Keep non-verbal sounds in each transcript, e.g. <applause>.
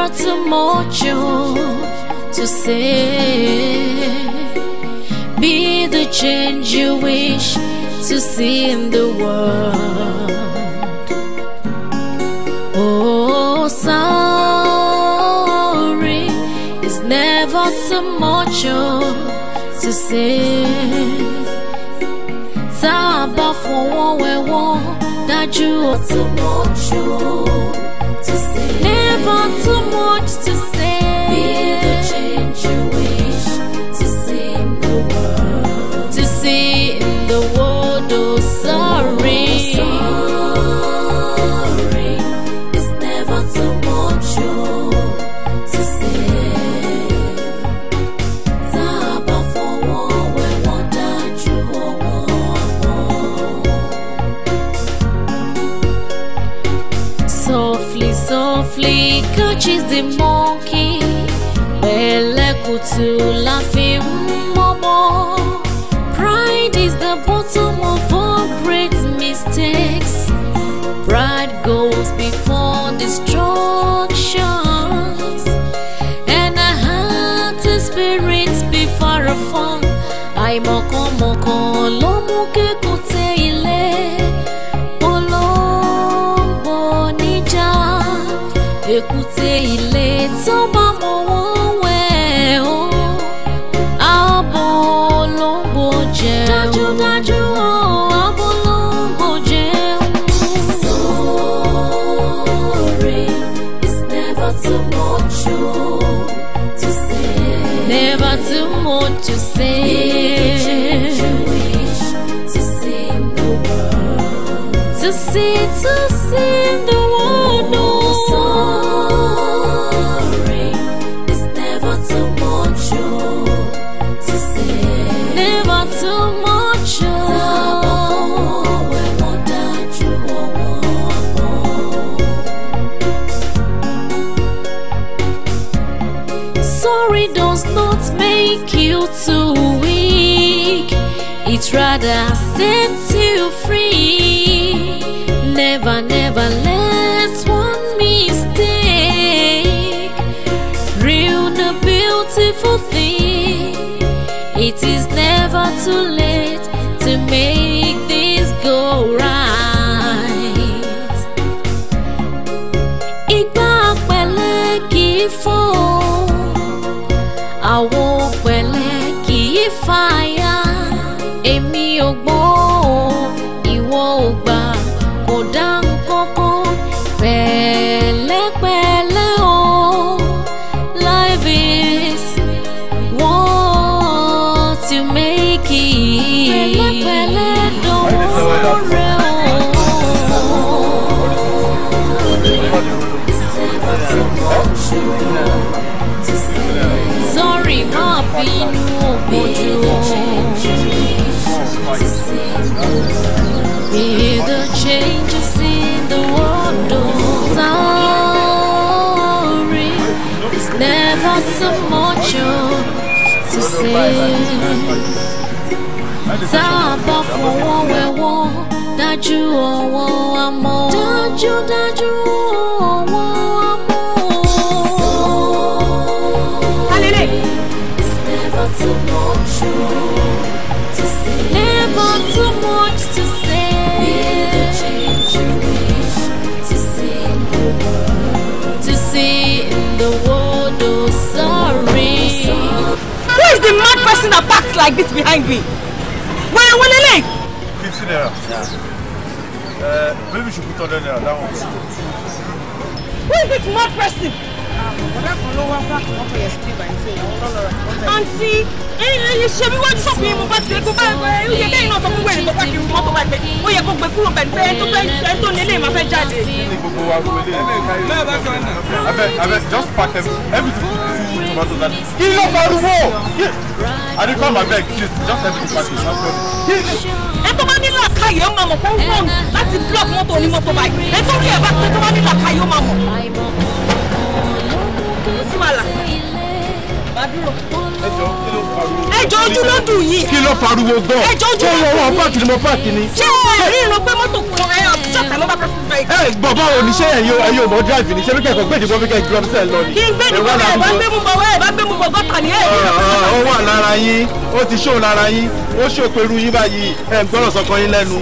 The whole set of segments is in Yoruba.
brought some more to say. Be the change you wish to see in the world. Oh, sorry it's never so much oh, to say. Sábà fọwọ́ wẹ̀wọ́ dájú ó to see Never too want you sing. To see, to see, to see. so much to say. Tá a bá fọwọ́ wẹ̀wọ́ dájú ọwọ́ àmọ́. Dájú dájú ọwọ́ àmọ́. Alele. It's never too much. like this behind me. Where will it lay? Fifty naira. Yeah. Uh, maybe you should put hundred naira that one. Who is this more person? Àǹtí, eh, eh, eh, just pack everything to tomatoes. Kí ló I kọ́ my bag please just help me pack it no problem. ẹ tó bá ní làkàyè ó máa mọ̀ fún wọn block mọ́tò onímọ́tò báyìí ẹ tó rí ẹ bá pé tó bá ní làkàyè ó máa mọ̀. ó sì ẹjọ ojú ló dùn yìí. kí ló pariwo gan. ẹjọ ojú ló dùn yìí. tó wọ́n pàtì ni mo pàtì ni. ṣé ẹ rí irun pé mọ́tò kan ẹ ọ̀tíṣàtà ló bá fẹ́ fún bẹ́ẹ̀. ẹ bọ̀bọ̀ oníṣẹ́ ẹ̀yọ ẹ̀yọ mọ̀ dráìfì ni ṣé bí kẹ̀kọ́ gbèdìbọn bí kẹ̀kọ́ gbọ́n sẹ́ẹ̀ lọ ni. kí n gbèdìbọn ẹ̀ bá gbé mú bọ̀ ẹ̀ bá gbé mú bọ̀ gọ́tà ni ẹ̀ ah, ó wà lára yín ó ti ṣó lára yín ó ṣó pẹ̀lú yín báyìí ẹ̀ ń gbọ́rọ̀ sọkàn yín lẹ́nu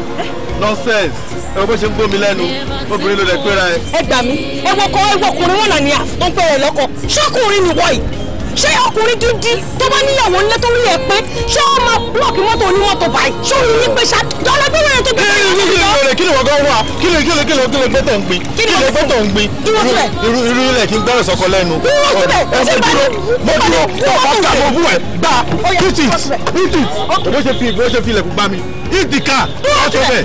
nonsense ẹ bó ṣe ń gbómi lẹ́nu obìnrin ló lè pera ẹ. ẹ gbà mí ẹ wọkọ ẹ wọkùnrin wọn là ní àfọ̀tún pẹ̀rẹ̀ lọ́kọ̀ ṣọ́kùnrin nìwọ yìí ṣé ọkùnrin gidi tó bá níyàwó nílé tó rí ẹ pé ṣé ó máa búlọ̀kì mọ́tò onímọ́tò báyìí ṣé òun yín pé ṣá dọ́lá tó wẹ̀rẹ̀ tó bẹ̀rẹ̀ lọ́wọ́. kí ni wọ́n kí ni wọ́n gan wà kí ni kí ni kí ni kí ni gbẹ́tọ̀ ń gbin kí ni gbẹ́tọ̀ ń gbin irú irú ilẹ̀ kí n gbẹ́rẹ̀ sọ́kọ lẹ́nu. mo dúró mo dúró tó bá ká mo bú ẹ̀ gbà eat it eat it bó ṣe fi bó ṣe fi ilẹ̀kùn gbá mi eat the car ọ̀ṣọ́ bẹ̀.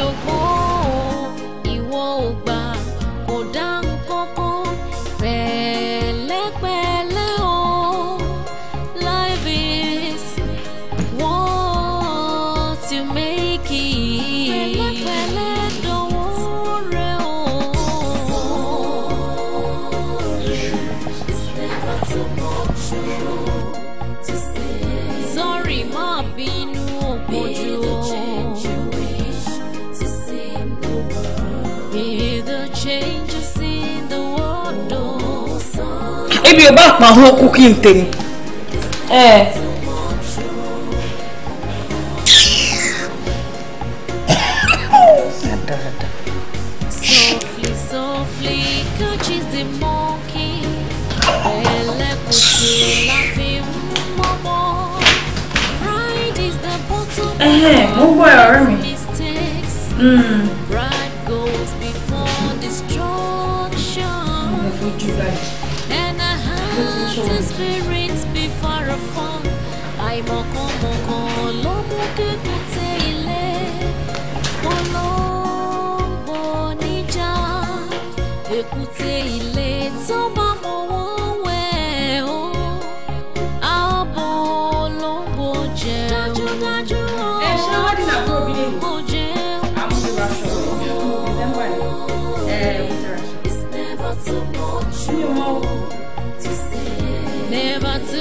有空。ò bá pa àwọn kúkí ń tèmi. ẹ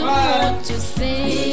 What to sing.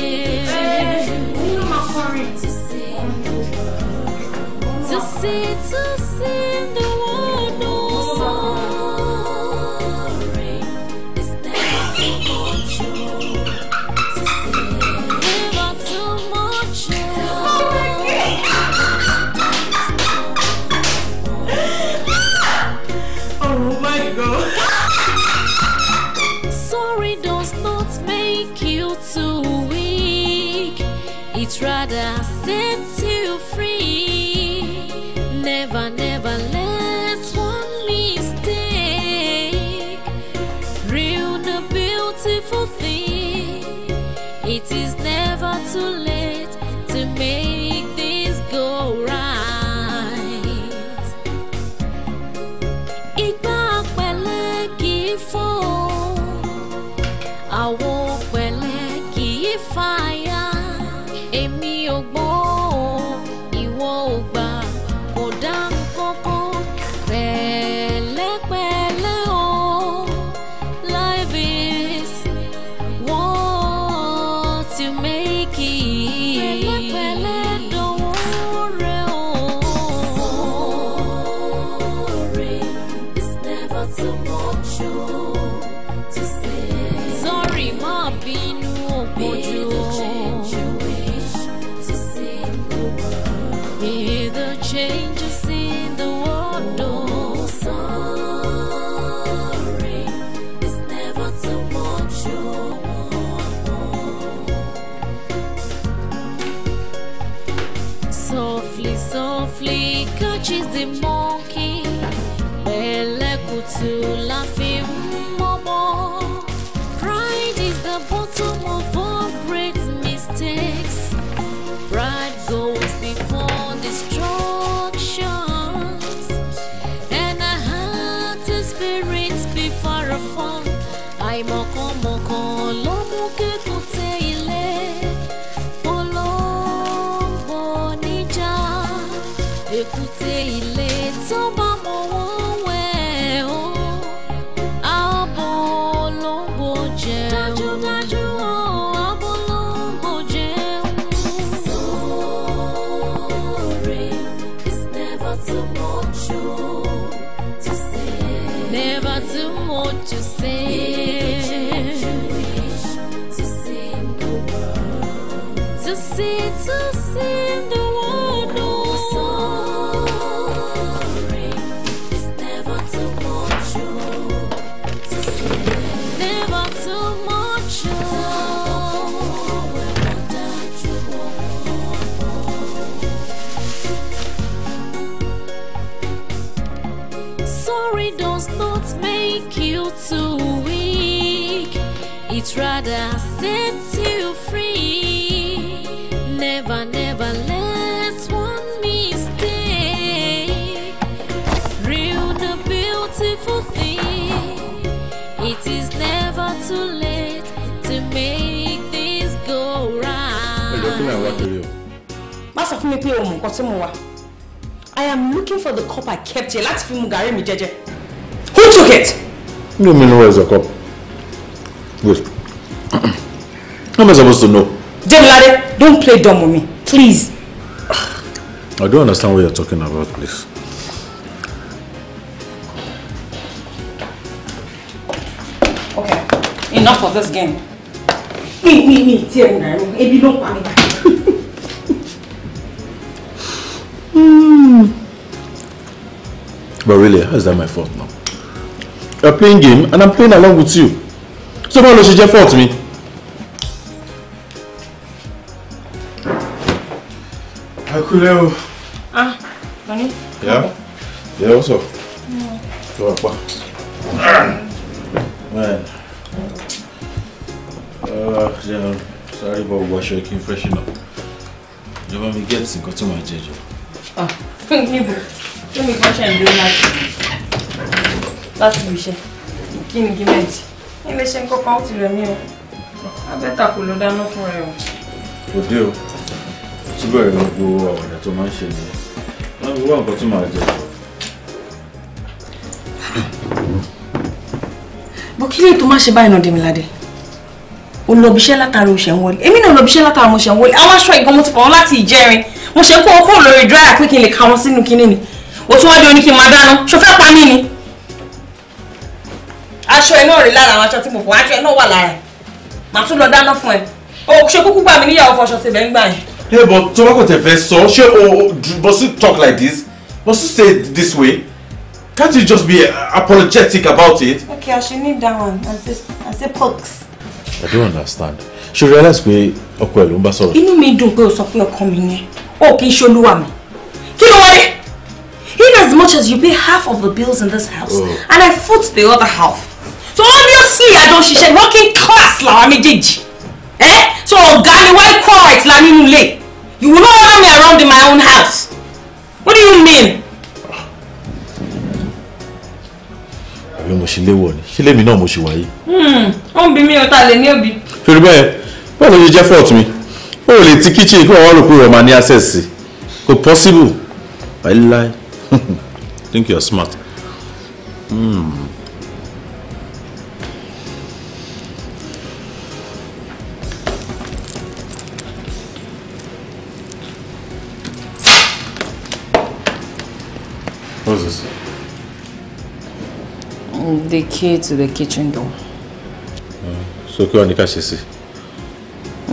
boy. pé o mọ̀ nǹkan tí mo wà I am looking for the cup I kept here láti fi mu gàrí mi jẹ́jẹ́ who took it. no mean where is the cup wait how am I supposed to know. Jemilade, don't play dumb with me please. I don't understand what you're talking about please. okay enough of this game. mi mi mi tí ẹ̀ ń gàrí ebi ló pa mi. But really, how is that my fault now? You're playing game and I'm playing along with you. So why should you fault me? Akuleo. Ah, Danny? Yeah? Yeah, what's up? Yeah. What's up? Man. Uh, yeah, sorry about what you're freshen up. You want me to get some to my jeje? Ah, <laughs> níbo kí ni kí wọ́n ṣe ń dúró láti láti ibi iṣẹ́ kí ni gímẹ̀tì ilé kọ́kọ́ ó ti rẹ̀ mí o abẹ́ta kò ló dáná fún rẹ o. òde o túbọ̀ rẹ gbogbo àwàdà tó máa ń ṣe nìyẹn wọ́n gbogbo nǹkan tí màá jẹ. bó kí lè tó má ṣe báyìí náà Dèmíládé o lọ látara o ṣẹ̀ ń wọlé èmi náà lọ bíṣẹ́ látara mo ṣẹ̀ ń wọlé àwọn aṣọ ìgbọ́n mo ti fọ̀ wọ́n láti ìjẹrin mo ṣe ń kó okó lórí dráyà pé kí n lè ka wọn sínú kinní ni o tún wá di oní kí n máa dáná ṣo fẹ́ pa mí ni. aṣọ ẹ náà rí lára àwọn aṣọ tí mo fọ aṣọ ẹ náà wà lára màá tún lọ dáná fún ẹ o ṣe kúkú gbà mí níyàwó fọṣọ ṣe bẹ́ẹ̀ ń gbà yẹn. ẹ bọ tó bá kò tẹ fẹ́ sọ ṣé o must you talk like this must you say this way can't you just be apologetic about it. okay i should need that one and say and say pox. i don't understand ṣe realize pé ọkọ ẹ ló ń bá sọ̀rọ̀. inú mi dùn pé o sọ pé ọkọ mi yẹn o kì í ṣe olúwa mi kí ló wọlé much as you pay half of the bills in this house oh. and I foot the other half. So obviously I don't ṣiṣẹ́ working class làwa Eh? So ọ̀gá why correct la nínú You will not order me around in my own house. What do you mean? Àbí mo ṣe léwọ̀ ni? me lèmi náà mo ṣe wáyé? Hmm, ó ń bi mí o, ta lè ní òbí. Ṣé bẹ́ẹ̀ fault mi? O ò lè ti kitchen kí ọ̀wọ́ rò pé rẹ̀ máa ní possible. Báyìí láì think you're smart. Hmm. What's this? Mm, the key to the kitchen door. Hmm. so you wọ́n ní ká ṣe sí?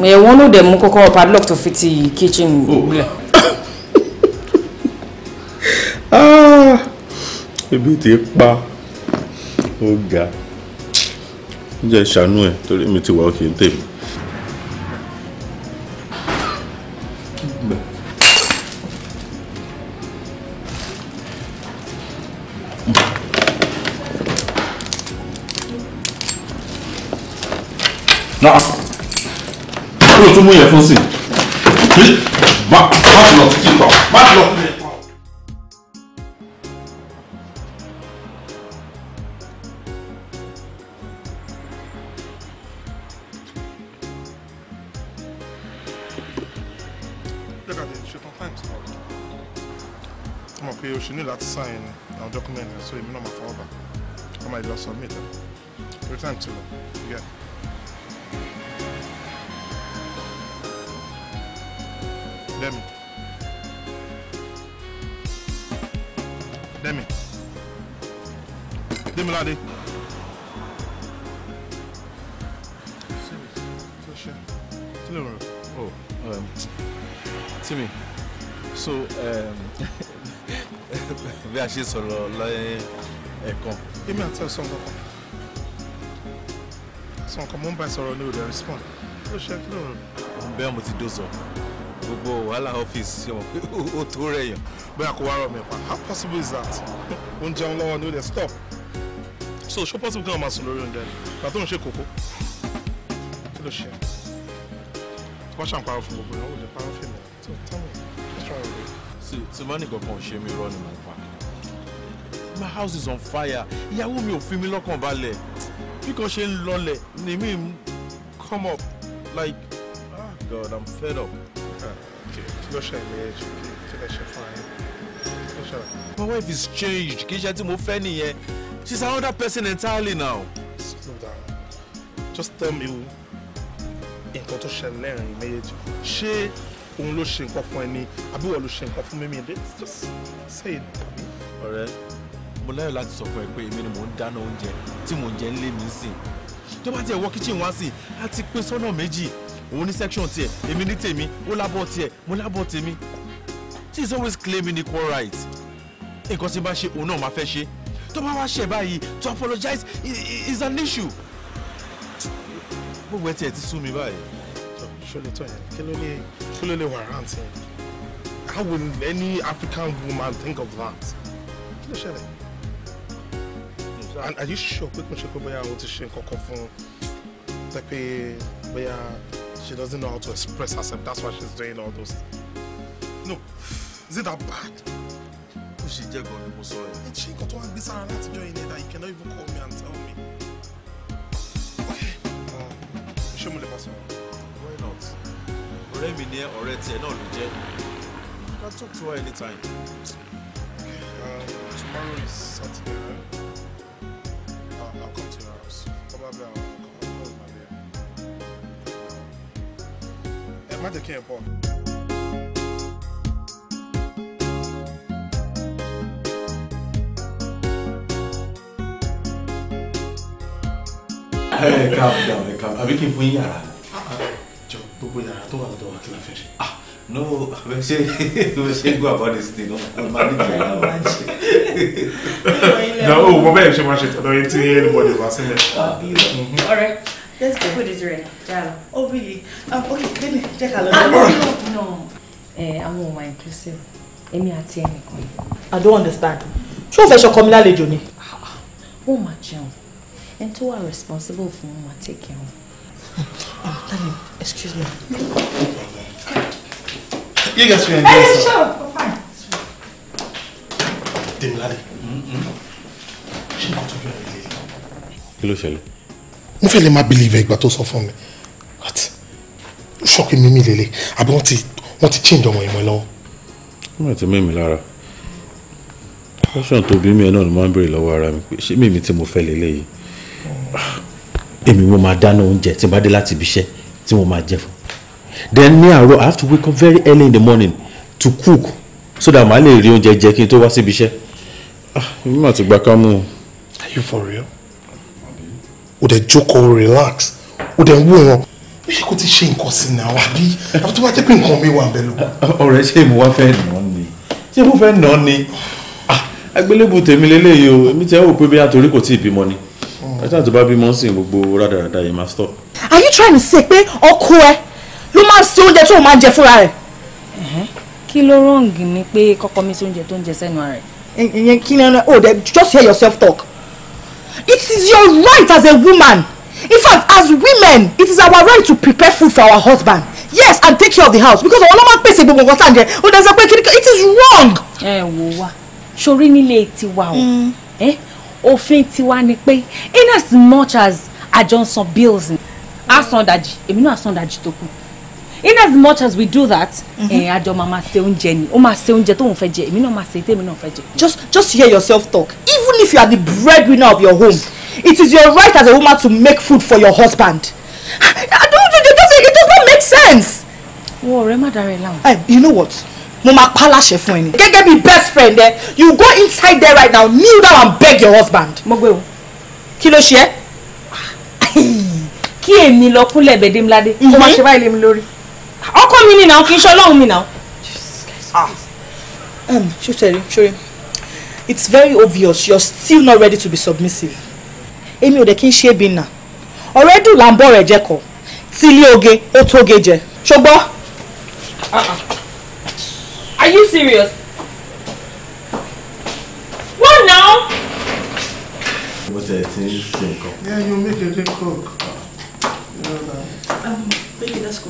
Ẹ̀wọ̀n ló dẹ̀ mú kọ́kọ́ padlock to fit the kitchen Oh ẹ̀. <coughs> Ah! ebi ti pa ó ga ó jẹ́ ìṣàánú ẹ̀ torí mi ti wà òkè ń tèmi. náà kí ló tún mú yẹn fún sí i bá lọ kí n bá lọ. Tarantula. Yeah. Demi. Demi. Demilade. Oh, um, Timmy. So, um, <laughs> bí a ṣe sọ̀rọ̀ lọ́yẹ̀ ẹ̀kan. Èmi àti ẹ̀sán kankan sọ nǹkan mo ń bá sọ̀rọ̀ ní òde respond ó ṣe kí lóòrùn. bẹ́ẹ̀ mo ti dóso gbogbo wàhálà ọ́fíìsì ọmọ ó tó rẹ̀yàn. bẹ́ẹ̀ kò wá rọ̀ mi pa how possible is that? ó ń jẹun lọ́wọ́ ní òde stop so ṣó possible kí wọ́n máa sùn lórí oúnjẹ ni ìgbà tó ń ṣe kókó kí ló ṣe tó bá fún gbogbo ìnáwó lè parọ́ fèmí tó tán mi just try and wait. tí má nìkan kan ṣe mí rọ́ ni mo pa my house is on fire ìyàwó mi ò fi mí lọ́kàn balẹ̀ bí ṣe ń lọlẹ̀ ni mi come up like ah god i'm fed up. kí ṣe ìlẹ̀ kí lè ṣe fún ẹ. my wife is changed kì í ṣe tí mo fẹ́ nìyẹn she's another person entirely now. slow down just tell me nǹkan tó ṣẹlẹ̀ lẹ́rìn méjèèjì ṣé òun ló ṣe nǹkan fún ẹni àbí wọ́n ló ṣe nǹkan fún mímí just say it. ọ̀rẹ́. Right mo láyọ̀ láti sọ fún ẹ pé èmi ni mò ń dáná oúnjẹ tí mò ń jẹ nílé mi sìn tó bá tiẹ̀ wọ kitchen wá sí a ti pín sọ́nà méjì òun ní section tiẹ̀ èmi ní tèmi ó lábọ̀ tiẹ̀ mo lábọ̀ tèmi she is always claiming equal rights nǹkan tí bá ṣe òun náà máa fẹ́ ṣe tó bá wá ṣe báyìí to apologize is an issue gbogbo ẹ tiẹ̀ ti sú mi báyìí. ṣọlẹ tó yẹn kí ló lè kí ló lè warrant yẹn how will any African woman think of that kí ló ṣẹlẹ̀ and are you sure pé kò ṣe pé bóyá o ti ṣe nǹkan kan fún un ṣe pé bóyá she doesn't know how to express herself that's why she's doing all those no is it that bad. ó ṣe jẹ́ gan ni mo sọ ẹ̀. ṣé nǹkan tó wá gbé sára láti jọ ilé that you cannot even call me and tell me. okay ṣé mo lè bá sọ̀rọ̀. why not ọ̀rẹ́ mi ní ọ̀rẹ́ tiẹ̀ náà ló jẹ́ you can talk to her anytime. um, tomorrow is Saturday. Right? I'll come to your house. Probably I'll come and call my dear. Ẹ má jẹ́ kí n Hey, calm down, ẹ calm down. Àbí kí n fún yín yàrá? Jọ gbogbo yàrá tó wà lọ́dọ̀ wa kí la fẹ́ ṣe. Ah! No, we say we say go about this thing. No, I'm not even. No, oh, mo bẹ́ẹ̀ it. I don't tọ̀dọ̀ to hear anybody wá sílẹ̀. All right, let's go. Food is ready. Jalo. Oh, really? Um, okay, me check a out. Ah, no. Eh, more ọmọ inclusive. Èmi àti ẹnìkan. I don't understand. Ṣé o fẹ́ ṣọkọ mi lálejò ni? Ah, ah. Wọ́n máa jẹun. Ẹni tó wà responsible fún wọn máa take care wọn. Dani, excuse me. You guys feel like this. Hey, shut up. Fine. Dimlade. mm mm-hmm ṣé nǹkan tó bẹ̀rẹ̀ lè lọ. kí ló ṣẹlẹ̀. mo fẹ́ lè má believe ìgbà tó sọ fún mi but ṣọ́ọ̀kì mímí lélẹ̀ àbí wọ́n ti wọ́n ti change ọmọ ìmọ̀ ẹ lọ́wọ́. wọ́n ti mímí lára question tó bí mi ẹ náà ni máa ń béèrè lọ́wọ́ ara mi pé ṣé mímí tí mo fẹ́ lélẹ̀ yìí ah, èmi mo máa dáná oúnjẹ tí n bá dé láti ibi iṣẹ́ tí mo máa jẹ fún then ní àárọ̀ I have to wake up very early in the morning to cook so that màá lè rí oúnjẹ jẹ kí n tó wá síbi iṣẹ́ ah èmi mà ti gba kámú o you for real? o joke or relax o dẹ̀ ń wò wọn bí ṣe kò ti ṣe nǹkan sí ni àwọn àbí àbí tó bá jẹ́ pé nǹkan mi wà bẹ́ẹ̀ lọ. ọ̀rẹ́ ṣé mo wá fẹ́ nà án ni ṣé mo fẹ́ nà án ni ah, agbélébù tèmi lélẹ́yìí o èmi tẹ́ ò pé bí àtòrí kò tíì bímọ ni ẹ̀ṣá tó stop. are you trying to say pé ọkọ ẹ ló máa ń se oúnjẹ tó o máa ń jẹ fúnra rẹ. kí ló rọǹgì ni pé kọ́kọ́ mi sí oúnjẹ tó ń jẹ just hear yourself talk It is your right as a woman. In fact, as women, it is our right to prepare food for our husband. Yes, and take care of the house because àwọn ọlọ́mọ pèsè gbogbo nǹkan tá jẹ. Ó dẹ̀ sọ pé kí ni it is wrong. Ẹ wò wá, sori nílé tiwa o. Mm. Òfin tiwa ni pé in as much as àjọ ń san bills, a san dàjì, èmi náà san dàjì tó kù in as much as we do that ẹ̀yin mm-hmm. àjọ eh, máa máa ṣe oúnjẹ ni ó máa ṣe oúnjẹ tóun fẹ́ jẹ èmi náà máa ṣe tèmi náà fẹ́ jẹ. just just hear yourself talk even if you are the breadwinner of your home it is your right as a woman to make food for your husband ah, i don't know it doesn't it does not make sense. wọ ọ̀rẹ́ má dára ẹ láwọn. ẹ eh, you know what mo máa pa láṣẹ fún ẹ ni. gẹ́gẹ́ bí best friend ẹ eh, you go inside there right now kneel down and beg your husband. mo gbé o. kí ló ṣe é. Ah, <laughs> kí èmi lọ kúnlẹ̀ bẹ̀dẹ̀ ńlá kó má mm-hmm. ṣe báyìí lé mi lórí ọkọ mi ni náà kì í ṣe ọlọ́run mi náà. ṣùtẹ̀rì ṣòro it's very obvious you're still not ready to be submissive. èmi ò dẹ̀ kí n ṣe é bí nà ọ̀rẹ́ dùn là ń bọ̀ rẹ̀ jẹ́ tí ilé oge ó tóge jẹ ṣùgbọ́n. Ah, ah. are you serious? what now? mo tẹ̀ tí ń ṣe nǹkan. yeah you make a drink coke. Um, baby, let's go.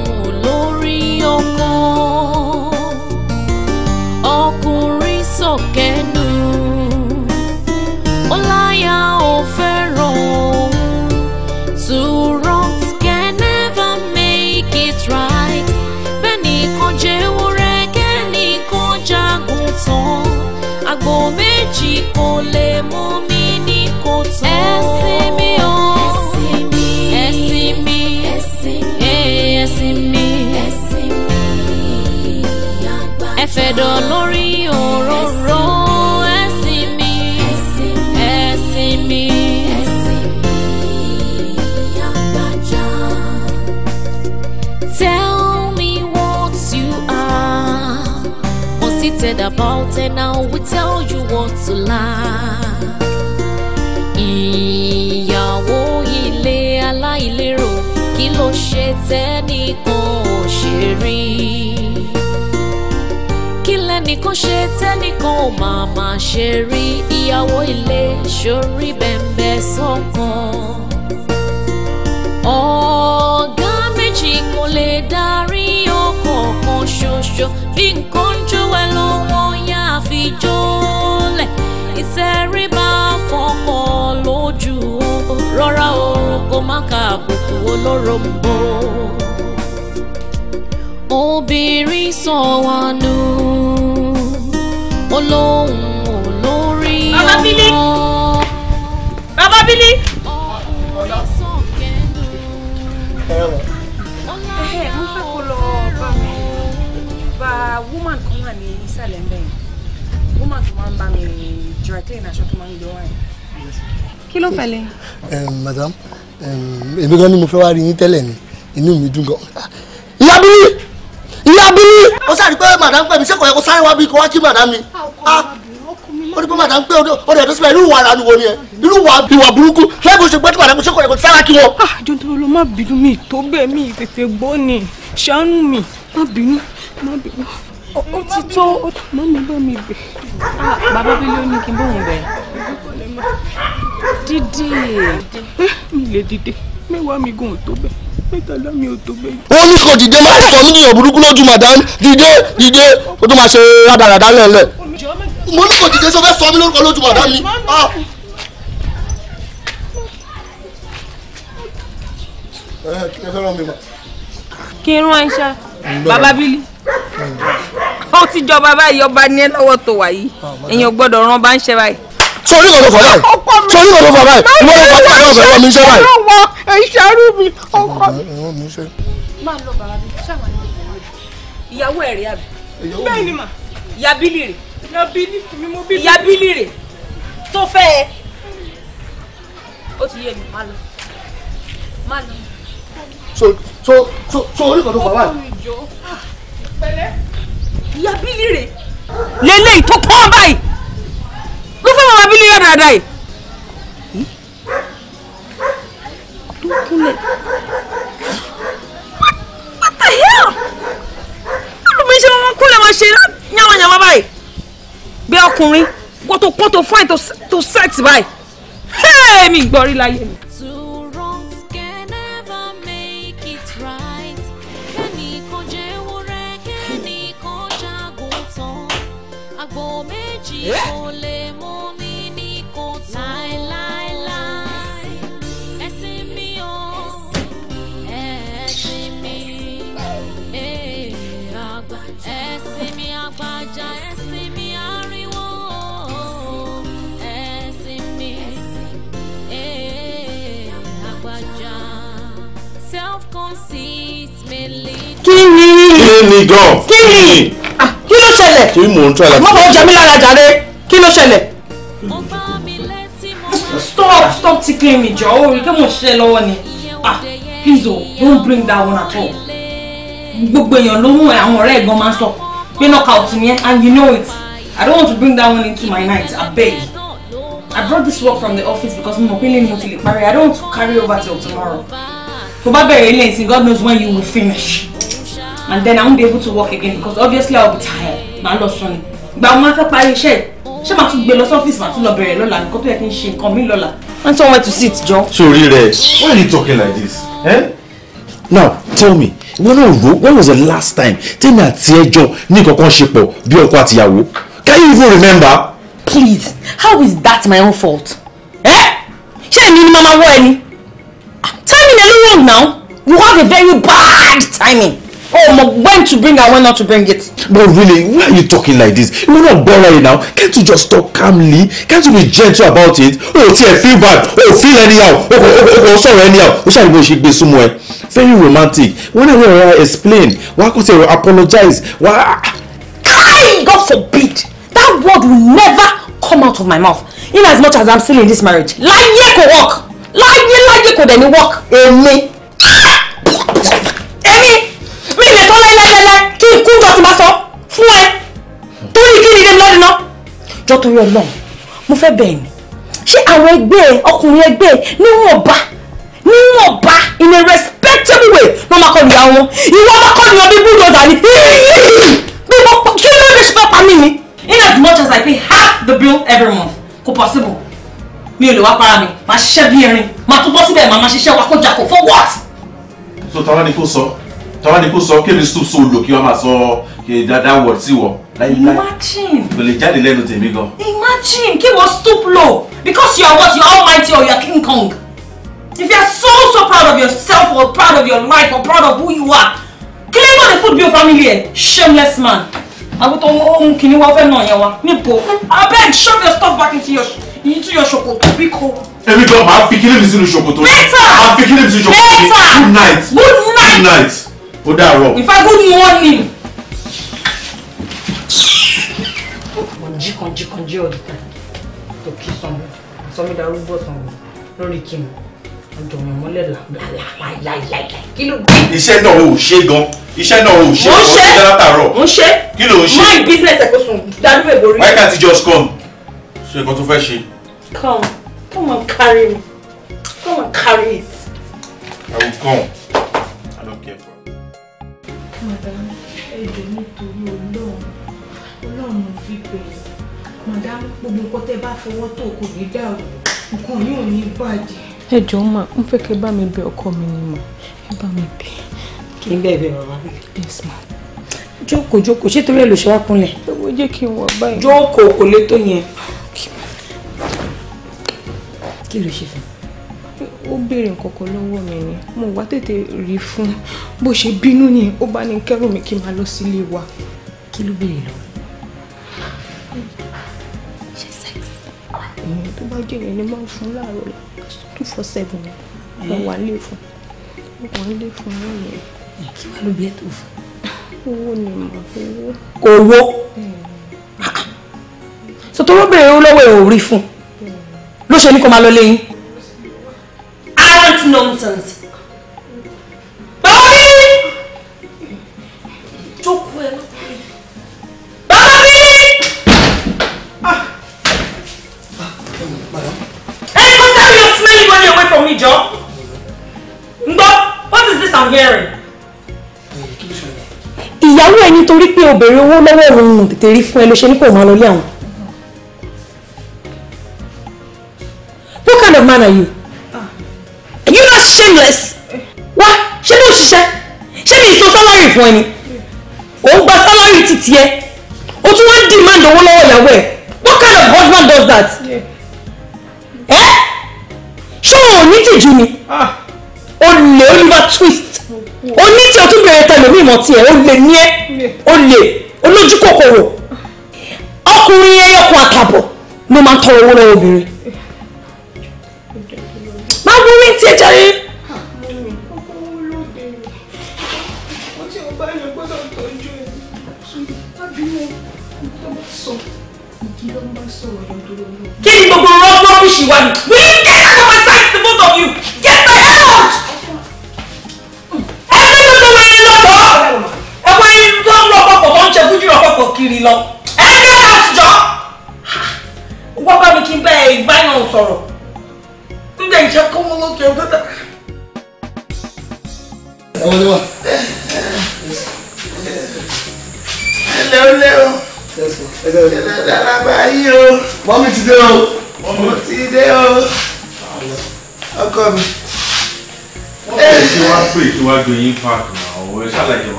cô and now we tell you what to lie. Ìyàwó ilé aláìlérò kí ló ṣe tẹ́nìkan ò ṣe rí? Kí lẹ́nìkan ṣe tẹ́nìkan ò máa máa ṣe rí? Ìyàwó ilé ṣorí bẹ̀m̀bẹ̀ sọ́kàn. Ọ̀gá méjì kò lè darí ọkọ̀ kan ṣoṣo bí nǹkan. rọra oorun kó má ka àbùkù olóròǹbó obìnrin sọ wá nù olóhùn olórí ọmọ. bàbá bílí woman kan wà ní ìsàlẹ̀ ń bẹ̀ yẹn woman tó máa ń bá mi dry clean aṣọ tó máa ń gbé wáyé. kí ló fẹ́ lẹ́yìn madam èmi gan ni mo fẹ́ wá rí yín tẹ́lẹ̀ ni inú mi dùn gan. ìyá bíní ìyá bíní. ó sáré pé madam pè mí ṣé kò yẹ kó sáré wá bí kó wá kí madam mi. Ah! ó ní pé madam pé ó dẹ̀ tó síbẹ̀ irú wàrà ni wo ni ẹ irú ìwà burúkú lẹ́gbẹ̀ẹ́ ṣe gbọ́dọ̀ madam ṣé kò yẹ kó sára kí wọn. àjọ tó lọ má bínú mi tó bẹ́ẹ̀ mi tètè gbọ́ ni ṣàánú mi má bínú má bínú ó ti tó ó ti mọ́ mi bá mi bẹ̀. Ah, bàbá Délé ó ní kí n bóun bẹ̀ dídì eh, mi lè dìde mẹ́wàá mi gùn ò tó bẹ́ẹ̀ mẹ́tàlá mi ò tó bẹ́ẹ̀. ó ní kò dìde má sọ mí nìyàn burúkú lójú madam dìde dìde ó tún máa ṣe rádaràdá lẹ́lẹ̀. mo ní kò dìde sọ fẹ́ sọ mí lórúkọ lójú madam mi. Ah. Eh, kí n rán iṣẹ́ bàbá bílí ó ti jọ bàbá yìí ọba ní ẹ lọ́wọ́ tó wà èèyàn ah, gbọ́dọ̀ rán bá ń ṣe báyìí. So sórí kò tó fọ báyìí sórí kò tó fọ báyìí mo lọ pàtó àwọn ọ̀sẹ̀ wọn mi ṣe báyìí. ìṣàrú mi ọkọ mi. máa lọ bàbá mi ṣàwọn ìyàwó ẹ̀ rí àbí. bẹ́ẹ̀ ni mà. ìyá bílì rè. ìyá bílì rè tó fẹ́ ẹ. ó ti yé mi má lọ má lọ. so so so so orí kan tó fà báyìí. Ah, ìyá bílì rè. lélẹ́yìí tó pọ́n báyìí tó fẹ́ bàbá bílíọ̀ dáadáa yìí. tó kúnlẹ̀. what the hell? olùmọ̀ iṣẹ́ wọn kúnlẹ̀ wọn ṣe yànwọ̀nyànwọ̀ báyìí. bí ọkùnrin kó tó kó tó fine tó sex báyìí. mi gbọ́ rí láyé mi. Yeah. kí ni. kí ni gan. kí ni kí ah, ló ṣẹlẹ̀. kí mò ń tọ́ àlàyé. mọ̀mọ́ jẹ mí lára jàre kí ló ṣẹlẹ̀. stop stop tickling me jọ o rí kí mo ṣiṣẹ́ lọ́wọ́ ni ah please o oh, don't bring that one at all gbogbo èèyàn ló mú àwọn ọ̀rẹ́ ẹ̀gbọ́n máa ń sọ pé knockout ni and you know it i don't want to bring that one into my night abeg i brought this work from the office because mo mọ̀ pé lè mo ti lè parí i don't want to carry over till tomorrow tó bá bẹ̀rẹ̀ ilé God knows when you will finish and then I won't be able to walk again because obviously I'll be tired My lọ sùn But ìgbà wọn máa fẹ́ parí iṣẹ́ ṣé màá tún gbé lọ sọ́fíìsì màá tún lọ bẹ̀rẹ̀ lọ́la nǹkan tó yẹ kí n ṣe nǹkan mi lọ́la. and so to sit Joe. sori rẹ why are you talking like this. Eh? now tell me when was the last time Tell me, at ní kankan ṣe pọ̀ bí ọkọ àtìyàwó can you even remember. please how is that my own fault. Eh? èmi ni Mama, wọ ẹni timing alone now you have a very bad timing oh when to bring and when not to bring it. but really why are you talking like this you not gbọ́ra now can't you just talk calmly can't you be gentle about it o oh, tiẹ̀ feel bad oh, feel anyhow Oh, oh, oh, oh, oh sorry anyhow o ṣàlùbọ̀ ṣe gbé súnmọ́ ẹ very romantic wọn I wọ́n explain Why á kó apologize Why? God forbid that word will never come out of my mouth in as much as I'm still in this marriage láyé kò work láyé láyé kò dẹ̀ ní work èmi ah! èmi mi lè tọ́ lẹ́lẹ́lẹ́lẹ́ kí n kú dọ̀tí máa sọ fún ẹ torí kí ni ilé mi lọ́dún náà jọ torí ọlọ́run mo fẹ́ bẹ̀ẹ̀ ni ṣé àwọn ẹgbẹ́ ọkùnrin ẹgbẹ́ níwọ̀nba níwọ̀nba in a respectable way ló máa kọ́ nìyàwó ìwọ máa kọ́ nìyàwó bí bulldozer ni bí mo kí ló dé ṣe fẹ́ pa mí ni in as much as I pay half the bill every month kò possible mi ò lè wá para mi máa ṣiṣẹ́ bí erin máa tún bọ́ síbẹ̀ máa máa ṣiṣẹ́ wakọ̀jàkọ̀ for what. so tọ́lá ni kò sọ tọ́lá ni kò sọ kí ni stoop so lò kí wọ́n máa sọ dáadáa wọ̀ sí wọ̀ láyìíká imagine kò lè jáde lẹ́nu tèmi gan. imagine kí wọ́n stoop low because you are what you are almighty or you are king kong if you are so so proud of yourself or proud of your life or proud of who you are clean all the food bill family ẹ shameless man àgùntàn ohun kìnìún wa fẹ́ nà yẹn wa níbo abeg shove your stuff back into your. You into your ṣòkòtò bíkọ. èmi gan máa fi kílíìmù sínú ṣòkòtò. better máa fi kílíìmù sínú ṣòkòtò. better good night. good night. good night. ó dàárọ̀. in fact good morning. kànjí kànjí kànjí ọ̀dùkà tó kí sanwó sanwó darúgbó sanwó lórí kíni ọjọ́yàn mọ́lẹ̀ làlàlàlàlà kí ló dé. iṣẹ́ náà ò ṣe gan iṣẹ́ náà ò ṣe gan ó ṣe látàárọ̀ mo ṣe kí ló ń ṣe. my business ẹ̀ kò sùn dárúfẹ̀ borí. why can't you just come ṣe nǹkan tó fẹ́ ṣe. Come. Come and carry me. Come and carry it. I will come. I don't care for it. Madam, I don't need to Ọlọ́run alone. Alone, my feet gbogbo nǹkan tẹ́ bá go to the ní dàrú. Nǹkan yìí ò ní bàjẹ́. Ẹ jọ̀ọ́ mà, ń fẹ́ kẹ́ bá mi bẹ̀ ọkọ mi ni mà. Ẹ bá mi bẹ̀. Kí n bẹ̀ bẹ̀ bàbá? Yes Joko, Jókòó jókòó, ṣé torí ẹ̀ ló ṣe wá kúnlẹ̀? Ẹ wo jẹ́ kí n wà kò lè tó yẹn kí ló ṣe fún ó béèrè nǹkan kan lọ́wọ́ mi ni mo wá tètè rí fún bó ṣe bínú ni ó bá ní kẹ́rù mi kí n máa lọ sílé wa. kí ló béèrè lọ. ṣe sex. ìyẹn tó bá jẹ́ ìyẹn ni máa ń fún láàárọ̀ la two four seven mo wà lè fún mo wà lè fún náà nìyẹn. kí wàá ló bí ẹ tó fún. owó ni mà owó. owó ah, ah. sọtọ́ wọ́n béèrè owó lọ́wọ́ ẹ̀ ò rí fún ló ṣe ní kó máa lọ lẹ́yìn. arrant nonsense. bàbá mi jókòó ẹ lọ. bàbá mi. ẹni kò tell you smelly body away from me jọ. ǹgbọ́ what is this i'm hearing. ìyàwó ẹni torí pé obìnrin owó lọ́wọ́ òun tètè rí fún ẹ ló ṣe ní kó máa lọ lé àwọn. man are you? Are you not shameless? What? ṣé ló ṣiṣẹ́? She mi ìsọ sálárì for ẹni? Oh, but gba sálárì títí ẹ. O tún wá demand the whole ìyàwó ẹ̀. What kind of husband does that? Eh? Show me ò ní tìjú ni? Ah. O lè Oliver twist. O ní tí o tún bẹ̀rẹ̀ tẹ̀lómi ìmọ̀ tiẹ̀. O lè ní ẹ́. O lè olójú kòkòrò. Ọkùnrin ẹyọkùn àtàbọ̀ ló máa ń tọrọ owó lọ́wọ́ obìnrin.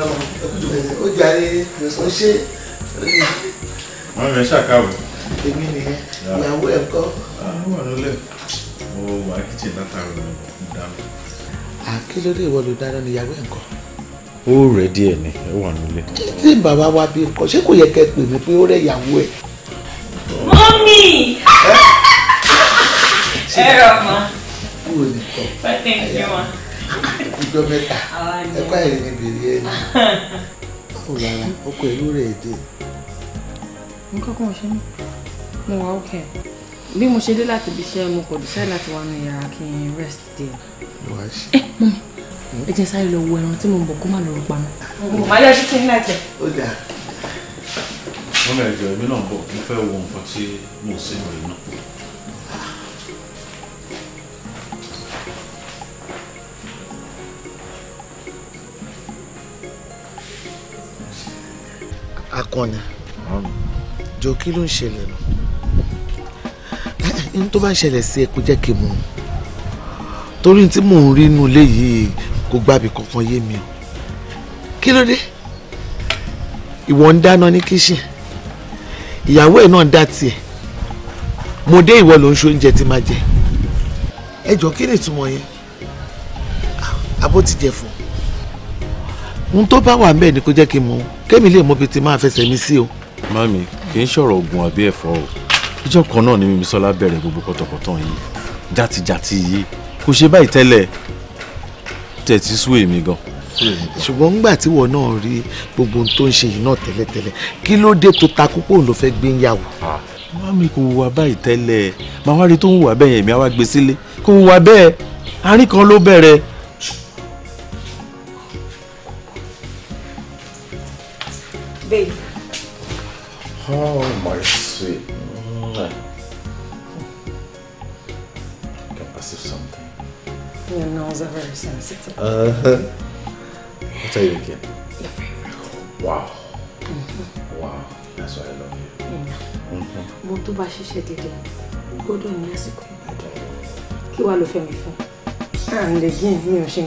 ó jàre ó ṣe wọn rẹ ṣàkàwọ. èmi nìyẹn ìyàwó ẹ kọ. àwọn wà lọ́lẹ̀ mo wà kíchìn látara mo dáná. àkílódé ìwọ ló dáná ni ìyàwó ẹ ń kọ. ó rẹ díẹ̀ ni ó wà nílé. tí bàbá wa bí nǹkan ṣé kò yẹ kẹ́ pè mí pé ó rẹ ìyàwó ẹ. mọ́mì ẹ rọ ọmọ. kúrò nìkan. ìjọ mẹ́ta ẹ pa èrè ní bèrè ẹni báwo lára ọkọ ìlú rẹ̀ dé. nǹkan kan ṣe mí mo wà ókè bí mo ṣe dé láti ibi iṣẹ́ mo kò dùsẹ́ láti wà ní yàrá kí n rest dé. ẹ mọ mi ẹ jẹ́ sáré lọ wo ẹran tí mo ń bọ̀ kó má lọ rọpa mi. mo máa yẹ ṣí sí ní láìpẹ́. ó dà. wọ́n mẹ́rin jọ náà bọ̀ mo fẹ́ wo nǹkan tí mo ṣe wọ̀nyí náà. akọni jọ kí ló ń ṣẹlẹ̀ nù ní tó bá ń ṣẹlẹ̀ sí ẹ kó jẹ́ kí n mọ̀ torí tí mò ń rí inú ilé yìí kò gbàbí kankan yé mi o kí ló dé ìwọ ń dáná ní kíṣìn ìyàwó ẹ̀ náà dá tiẹ̀ mo dé ìwọ ló ń ṣe oúnjẹ tí máa jẹ ẹ jọ kí ni ìtumọ̀ yẹn ah, abó ti jẹ fún un tó bá wà ń bẹ̀ ni kó jẹ́ kí n mọ̀ o kémi lè mọ bí ti máa fẹsẹ̀ mi sí o. mami kì í ṣọ̀rọ̀ oògùn àbí ẹ̀fọ́ o ìjọ kan náà ni mímísọ́lá bẹ̀rẹ̀ gbogbo kọ̀tọ̀kọ̀tọ̀ yìí játijàti yìí kò ṣe báyìí tẹ́lẹ̀ tẹ̀tí sú èmi gan. ṣùgbọ́n ńgbà tí wọn náà rí gbogbo ohun tó ń ṣe yìí náà tẹ́lẹ̀tẹ́lẹ̀ kí ló dé tó ta kókó ló fẹ́ gbé ń yàwó. Ah, mami kò wùwà báyìí tẹ́lẹ̀ màá wá rí tó ń wùwà bẹ́ẹ̀ yẹn mi á wá gbé kò wùwà bẹ́ẹ̀ àárín kan ló bẹ̀rẹ̀ babe. Oh, my sweet. Mm. I can perceive something. Your nose are very sensitive. Uh huh. I'll tell you again. Your favorite. Wow. Mm -hmm. Wow. That's why I love you. Mm-hmm. Mo tó bá ṣiṣẹ́ dédé, ó gbọ́dọ̀ ní àsìkò ìbàdàn. Kí wàá ló fẹ́ mi fún? And again, mi ò ṣe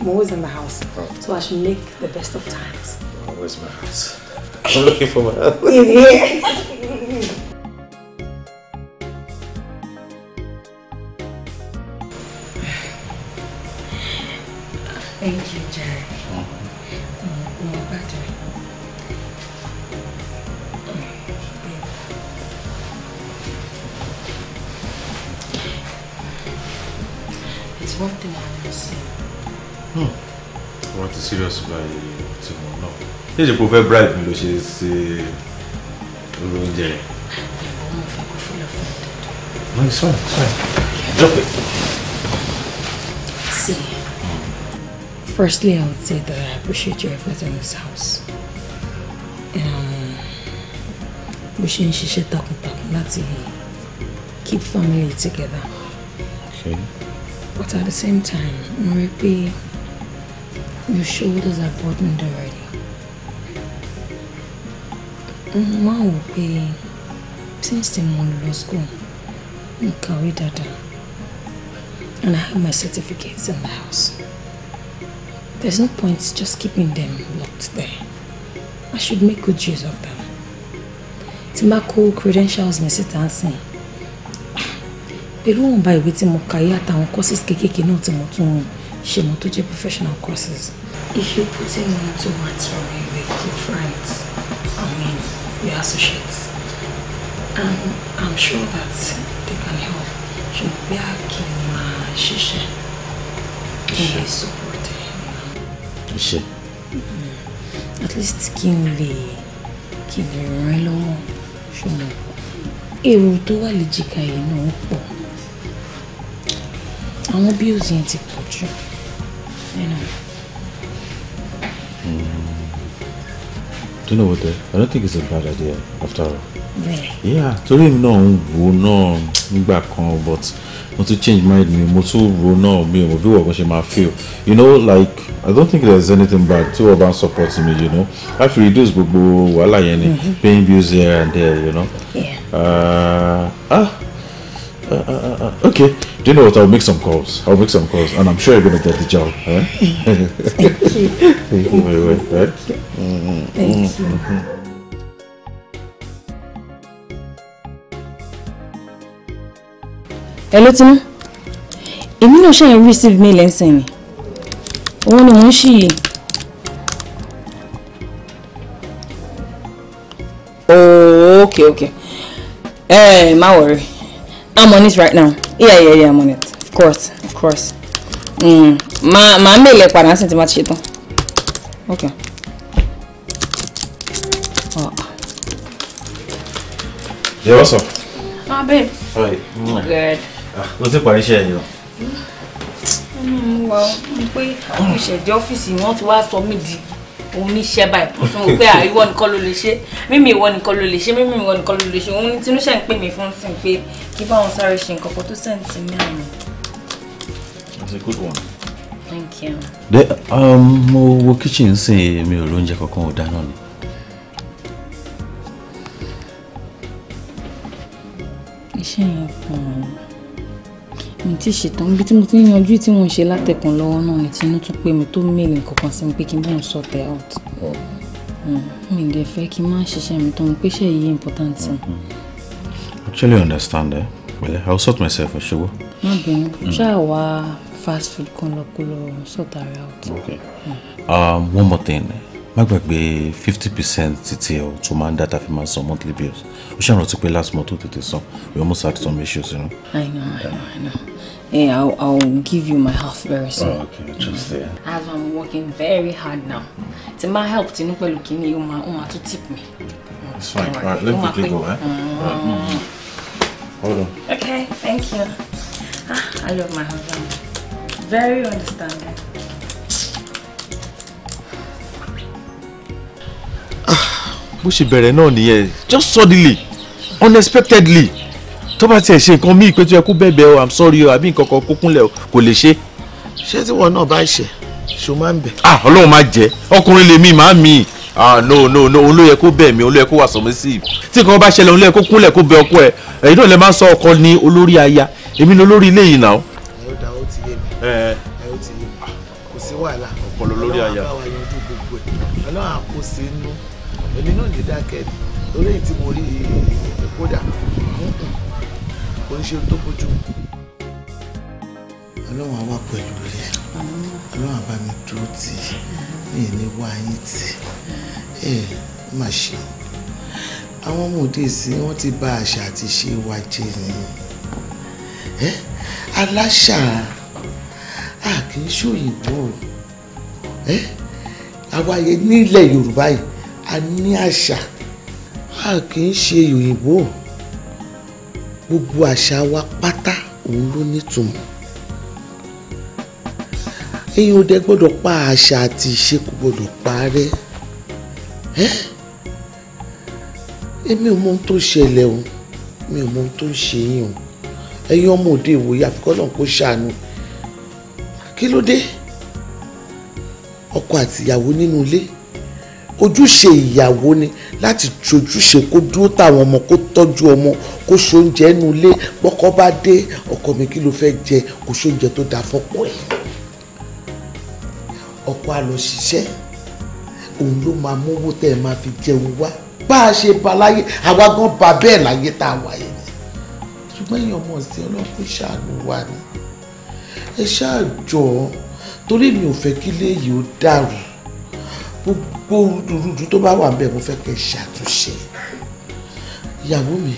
I'm always in the house. Oh. So I should make the best of times. Always in the house. I'm looking for my husband. He's ṣé ìṣèpò fẹ́ bribe mi ló ṣe ṣe oúnjẹ yẹn. No, it's fine, it's See, firstly, I would say that I appreciate your effort in this house. Bó ṣe ń ṣiṣẹ́ takuntakun láti keep family together. Okay. But at the same time, mo rí pé your shoulders are burdened already máa wò pé since the money lọ school mo kàwé dáadáa and I have my certificates in the house there's no point just keeping them locked there I should make good use of them tí máa kó credentials mi síta sìn pẹ̀lú òǹba ìwé tí mo kà àtàwọn courses kéékèèké náà tí mo tún ṣe mo tó jẹ́ professional courses. if you put in one to one to read with your friends your associates. And I'm sure that they can help. Ṣùgbọ́n bí a kì í máa ṣiṣẹ́, kí At least kí n lè kí n lè ràn ẹ́ lọ́wọ́. Ṣùgbọ́n èrò tó wà lè bills yẹn ti pọ̀ You know. you know what? I don't think it's a bad idea after all. Really? Yeah, torí mi náà ń wò náà nígbà kan but mo to change mind mi mo tún wò náà mi ò mọ̀ bí wọ́n you know like I don't think there's anything bad to about supporting me you know I fit reduce gbogbo wàhálà yẹn any mm-hmm. paying bills here and there you know. Yeah. Uh, ah, uh, uh, uh, uh okay. Do you know what? I'll make some calls. I'll make some calls, and I'm sure you're gonna get the job. Huh? Thank you. <laughs> Thank you Right? Thank you. Hello, Tinu. Èmi náà ṣe yẹn receive mail ẹ̀sìn ni. Òun ni mò ń ṣì Oh, okay, okay. Ẹ eh, má worry. I'm on it right now yeah yeah yeah i'm on it of course of course mm. Ma, màá mèlè padà sí ti má ti ṣe tán ok. yẹ wọ́n sọ. ah babe. hi. Mm. good. Ah, o ti parí iṣẹ́ yìí mm, lọ. mo wà ó pé àwọn ìṣẹ̀jẹ̀ ọ́fíìsì wọn ti wá sọ mí di òun ní iṣẹ́ báyìí fún un pé ah, ìwọ nìkan ló lè ṣe mímì ìwọ nìkan ló lè ṣe mímì ìwọ nìkan ló lè ṣe òun ní tinúṣẹ́ ń pè mí fún sí pé kí báwọn sáré ṣe nǹkan kan tó sẹ́ǹtì ní àná. That's a good one. Thank you. De, um, mo wo kitchen sìn mi ò lóúnjẹ kankan ò dáná ni. iṣẹ́ yẹn kàn án mi ti ṣetán ibi tí mo ti ń yanjú tí mo ń ṣe látẹ̀kùn lọ́wọ́ náà ni tinú tún pé mi tó méèlì kankan sí mi pé kí n bóun sort it out hmm, mi dẹ̀ fẹ́ kí n má ṣiṣẹ́ mi tó ń pèsè yìí important. Mm-hmm. actually I understand eh? Well, I eh, will sort myself eh, ṣubú. má bínú mm. ṣáà wá fast food kan lọ kó lọ sort ara out. okay um, one more thing. Eh? má gbàgbé fifty percent títí ẹ̀ tó máa ń dá tàfi máa san monthly bills ó ṣàrántí pé last month ó tètè san we almost had some issues. You know? I know, I know, I know. Hey, I'll, I'll give you my half very soon. Oh, okay, just there. As I'm working very hard now. Tí máa help Tinú pẹ̀lú kíní, ó máa ó máa tún tip me. It's fine. Alright, let me quickly go, Hold on. Okay, thank you. Ah, I love my husband. Very understanding. bó ṣe bẹ̀rẹ̀ náà nìyẹn just suddenly unexpectedly tó bá tiẹ̀ ṣe nǹkan míì pé tó yẹ kó bẹ̀bẹ̀ o i'm sorry o àbí nǹkan kan kó kúnlẹ̀ o kò lè ṣe. ṣé tíwọ náà bá ṣe ṣo máa ń bẹ̀. ah ọlọ́run máa jẹ́ ọkùnrin lèmi máa mi ah no no no òun ló yẹ kó bẹ̀ mí òun ló yẹ kó wà submissive tí nǹkan bá ṣẹlẹ̀ òun ló yẹ kó kúnlẹ̀ kó bẹ ọkọ ẹ̀ ẹ̀yin náà lè máa sọ ọkọ ní olórí aya èmi ni olórí ilé yìí náà. ẹ ó da ó ti yé mi ẹ ó ti èmi náà lè dákẹ́ lórí èyí tí mo rí kódà kò ń ṣe tó bójú ọlọ́run àwa pẹ̀lú rẹ̀ ọlọ́run àbá mi dúró tì mí ní wá ayé tì ẹ má ṣe àwọn ọmọ òde sí wọn ti bà àṣà àti ṣe wa jẹ́ nìyí ẹ aláṣà a kì ẹ àwa nílẹ̀ yorùbá yìí a ní àṣà a kì í ṣe òyìnbó gbogbo àṣà wa pátá òun ló nítumọ̀ ẹ̀yin ò dẹ gbọ́dọ̀ pa àṣà àti ìṣe kò gbọ́dọ̀ parẹ́ ẹ́ èmi ò mọ ohun tó ṣẹlẹ̀ o mi ò mọ ohun tó ń ṣe yín o ẹ̀yin ọmọ òde ìwòye àfikọ́lọ́ kò ṣàánú kí ló dé ọkọ àtìyàwó nínú ilé ojúṣe ìyàwó ni láti ojúṣe kó dúró táwọn ọmọ kó tọ́jú ọmọ kó ṣoúnjẹ ẹnu ilé bọ́kọ bá dé ọkọ mi kí ló fẹ́ jẹ kó ṣoúnjẹ tó dáa fọ́pọ ẹ̀ ọkọ á lọ ṣiṣẹ́ òun ló máa mówó tẹ́ ẹ máa fi jẹun wá bá a ṣe ba láyé àwa gan ba bẹ́ẹ̀ láyé tá a wà yẹn ṣùgbọ́n èèyàn mọ̀ sí ọlọ́kùn ṣàánú wa ni ẹ ṣáà jọ torí mi ò fẹ́ kílé yìí ó dàrú gbogbo rúdurùdu tó bá wà ń bẹ̀ mo fẹ́ kẹ́ ṣàtúnṣe ìyàwó mi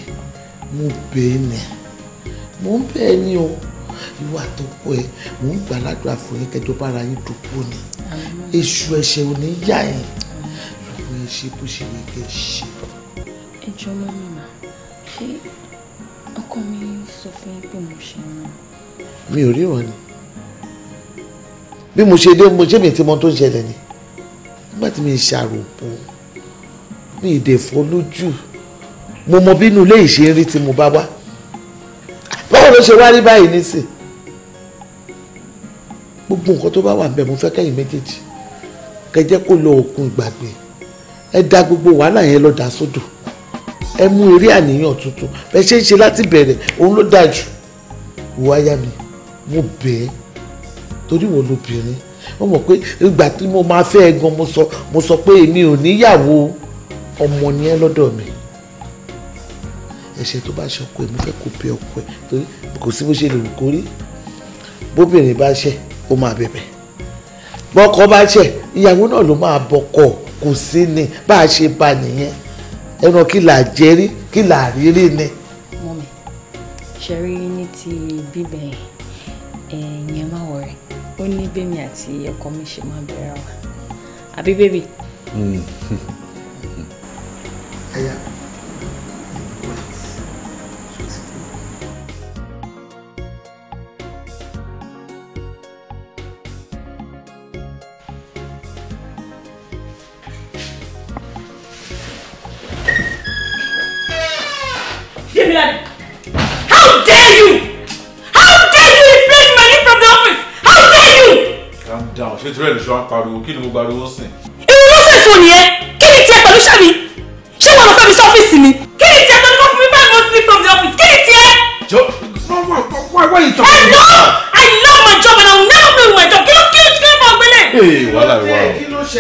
mo bẹ̀ ẹ́ nì mo ń bẹ̀ ẹ́ ní o ìwà àtọkọ ẹ mo ń gbàládùn àfọyín kẹjọ bára yín dòpò ni èṣù ẹ̀ṣẹ̀ ò ní yá ẹ̀ lọ́wọ́ ẹ ṣe bó ṣe yẹ kẹ́ ṣe. ẹ jọ mọ mi mà ṣé ọkọ mi sọ fún yín pé mo ṣe ń rán. mi ò ríran ni bí mo ṣe dé mo ṣé mi ti mọ tó ń ṣẹlẹ̀ ni nígbà tí mi ṣàròpọ̀ mi ìdẹ̀fọ́ lójú mo mọ bínú ilé ìṣeré tí mo bá wá báwo ló ṣe wá rí báyìí nísìn gbogbo nǹkan tó bá wà níbẹ̀ mo fẹ́ kẹ́yìn méjèèjì kẹjẹ́ kó lọ òkun ìgbàgbé ẹ da gbogbo wàhálà yẹn lọ dà sódò ẹ mú eré àníyàn tuntun bẹ ṣe ń ṣe láti bẹ̀rẹ̀ òun ló dáa jù wọ́n mi mo bẹ̀ ẹ́ torí wọ́n lóbìnrin ó mọ̀ pé ìgbà tí mo máa fẹ́ ẹ gan mo sọ mo sọ pé èmi ò níyàwó ọmọ ni ẹ lọ́dọ̀ mi ẹ̀ṣẹ̀ tó bá ṣe ọkọ ẹ̀ mo fẹ́ kó pe ọkọ ẹ̀ torí kò sí bó ṣe lè wù kó rí bóbìnrin bá ṣẹ̀ ó máa bẹ̀bẹ̀ bọ́kọ bá ṣẹ̀ ìyàwó náà ló máa bọkọ kò sí ni bá a ṣe ba nìyẹn ẹran kí là jẹrí kí là rírí ni. mọ́mi ṣe rí ní ti bíbẹ̀ yẹn máa wọ̀ rẹ̀ ó ní bẹ́mi àti ọkọ mi ṣe máa bẹ̀rẹ̀ wa àbí bébì. Hmm. ẹ̀yà gbogbo ariwo sìn. ìwọ ló fẹ́ fún nìyẹn kí ni tiẹ̀ pẹ̀lú sẹ́mi ṣé wọn lọ fẹ́ mi sí ọ́fíìsì ni kí ni tiẹ̀ pẹ̀lú fún mi five months leave from the office kí ni tiẹ̀. jọ why why you talk to me. I love my job and I will never play with my job kí ló kí ló kí ló fọ ọgbẹ́lẹ̀. ee wàhálà rẹ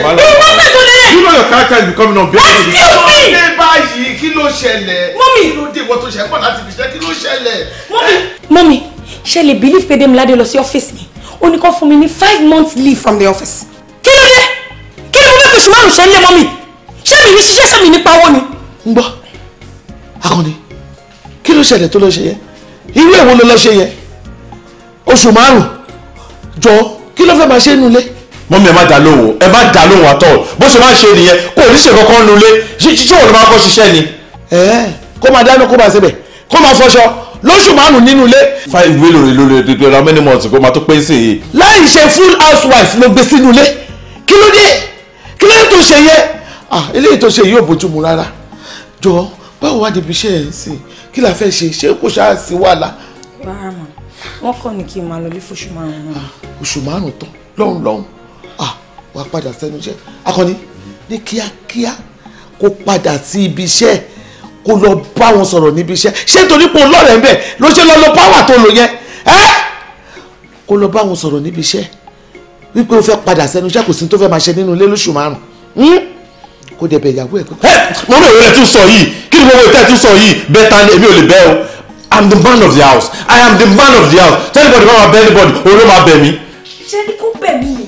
wàhálà wàhálà rẹ wàhálà rẹ you know your character is becoming unbearable. excuse me. ọ̀sẹ̀ báyìí kí ló ṣẹlẹ̀. mọ́mí kí ló dé ìwọ tó ṣẹ̀ pọ̀ láti fi ṣẹ́ kí ló ṣẹlẹ̀. mọ́mí mọ́mí ṣe lè believe pé Demilade lọ sí ọ́fíìsì mi ó ní kó fún mi ní five months leave from the office kí ló dé kí ló fẹ́ fèsì márùn ṣe ń lé mọ́ mi ṣé mi ní ṣiṣẹ́ sẹ́mi nípa owó ni. ń gbọ́ akọni kí ló ṣẹlẹ̀ tó lọ ṣe yẹ irú èwo ló lọ ṣe yẹ oṣù márùn jọ kí ló fẹ́ máa ṣe nulẹ̀. mọ́mí ẹ má dá lóhùn ẹ má dá lóhùn àtọ̀ bó ṣe máa ṣe nìyẹn kó o ní ṣe kankan nulẹ̀ ṣíṣe òun ló máa kọ́ ṣiṣẹ́ ni. ẹ kó máa dáná kó máa ṣebẹ̀ kó máa fọṣọ lóṣù márùn nínú ilé. five million lórí lórí dídúrà many months kó máa tó pé sí i. láì ṣe full housewife ló gbé sínú ilé kí ló dé kí ló dé tó ṣe yẹ ah eléyìí tó ṣe yìí ò bójú mu rárá jọ báwo wá débi iṣẹ́ ẹ̀ ń sìn kí la fẹ́ ṣe ṣé kò ṣáà sí wàhálà. rárá mà wọn kàn ní kí n máa lọ lé fóṣù márùn-ún. oṣù márùn tán lọ́hùn lọ́hùn ah wàá padà sẹ́nu iṣẹ́ akọni ní kíákíá kó padà sí ibi iṣẹ́ kó lọ bá wọn sọ̀rọ̀ níbi iṣẹ́ ṣé torí pé olóòrè ń bẹ̀ ló ṣe lọ lọ báwà tó lò yẹn ẹ́ kó lọ bá wọn sọ̀rọ̀ níbi iṣẹ́ wípé o fẹ́ padà sẹ́nu iṣẹ́ kò sí tó fẹ́ máa ṣe nínú ilé lóṣù márùn-ún kó dẹ̀ bẹ̀ ìyàwó ẹ̀ pé. mo ní ìrẹ̀lẹ̀ tún sọ yìí kí ni gbogbo ìtẹ́ tún sọ yìí bẹ́ẹ̀ ta ni èmi ò lè bẹ́ o i'm the man of the house i am the man of the house tell anybody bá ma bẹ anybody òun ló ma bẹ mi. ṣé ní kó bẹ̀ mí ni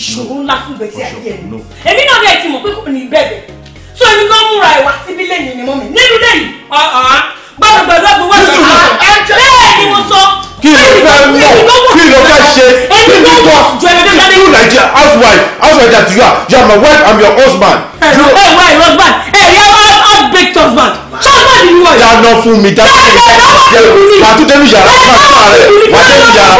ìṣòro ńlá fún gbèsè àti ẹ̀mí èmi náà dẹ̀ ti mọ̀ pé kò ní bẹ̀bẹ̀ tó èmi gan múra ìwà síbí lẹ́yìn ni mọ́ mi nínú lẹ́yìn gbọ́dọ̀ gbọ́dọ̀ gbọ́dọ̀ kí ló fẹ́ mọ̀ kí ló fẹ́ ṣe kí ló kọ́ kí ló housewife housewife that you are you are my wife and your husband. ẹ̀rọ ẹ̀wá husband baked husband husband husband ni wọ́n. dáná fún mi dáná fún mi dáná fún mi wàá tún dénú yàrá máa tún ààrẹ wàá dénú yàrá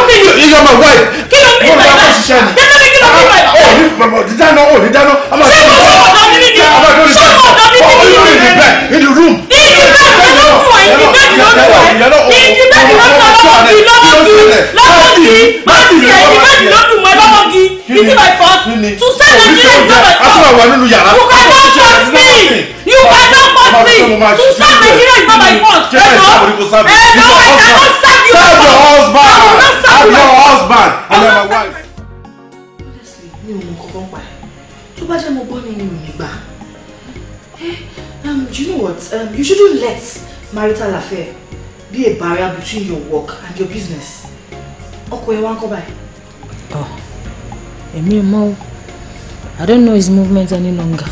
you are my wife. kí ló fi ìgbà yàrá ṣiṣẹ́ ni. dáná kí ló fi ìgbà yàrá. ọ̀ ní bàbá òdì dáná ọ̀ oh, ní dáná. ṣé mo sọ̀rọ̀ tàbí níbi ṣé mo sọ̀rọ̀ tàbí níbi sọ ìdíbẹ́ẹ̀dì ló sọ ìdíbẹ́ẹ̀dì ló sọ lọ́wọ́gi lọ́wọ́gi lọ́wọ́gi ìdíbẹ́ẹ̀dì ló dùn mọ́ lọ́wọ́gi is it my fault to sell Nigeria is not my fault you cannot force me you cannot force me to sell Nigeria is not my fault ẹ̀rọ ẹ̀rọ I cannot serve you serve your husband serve your husband and your wife. mi ò mọ kọ́kọ́ pa tó bá jẹ́ mo gbọ́ ni mi ò eh, Um, do you know what? Um, you shouldn't let marital affair be a barrier between your work and your business. Ọkọ ẹ wá ń kọ́ báyìí. Oh, èmi ò I don't know his movement any longer.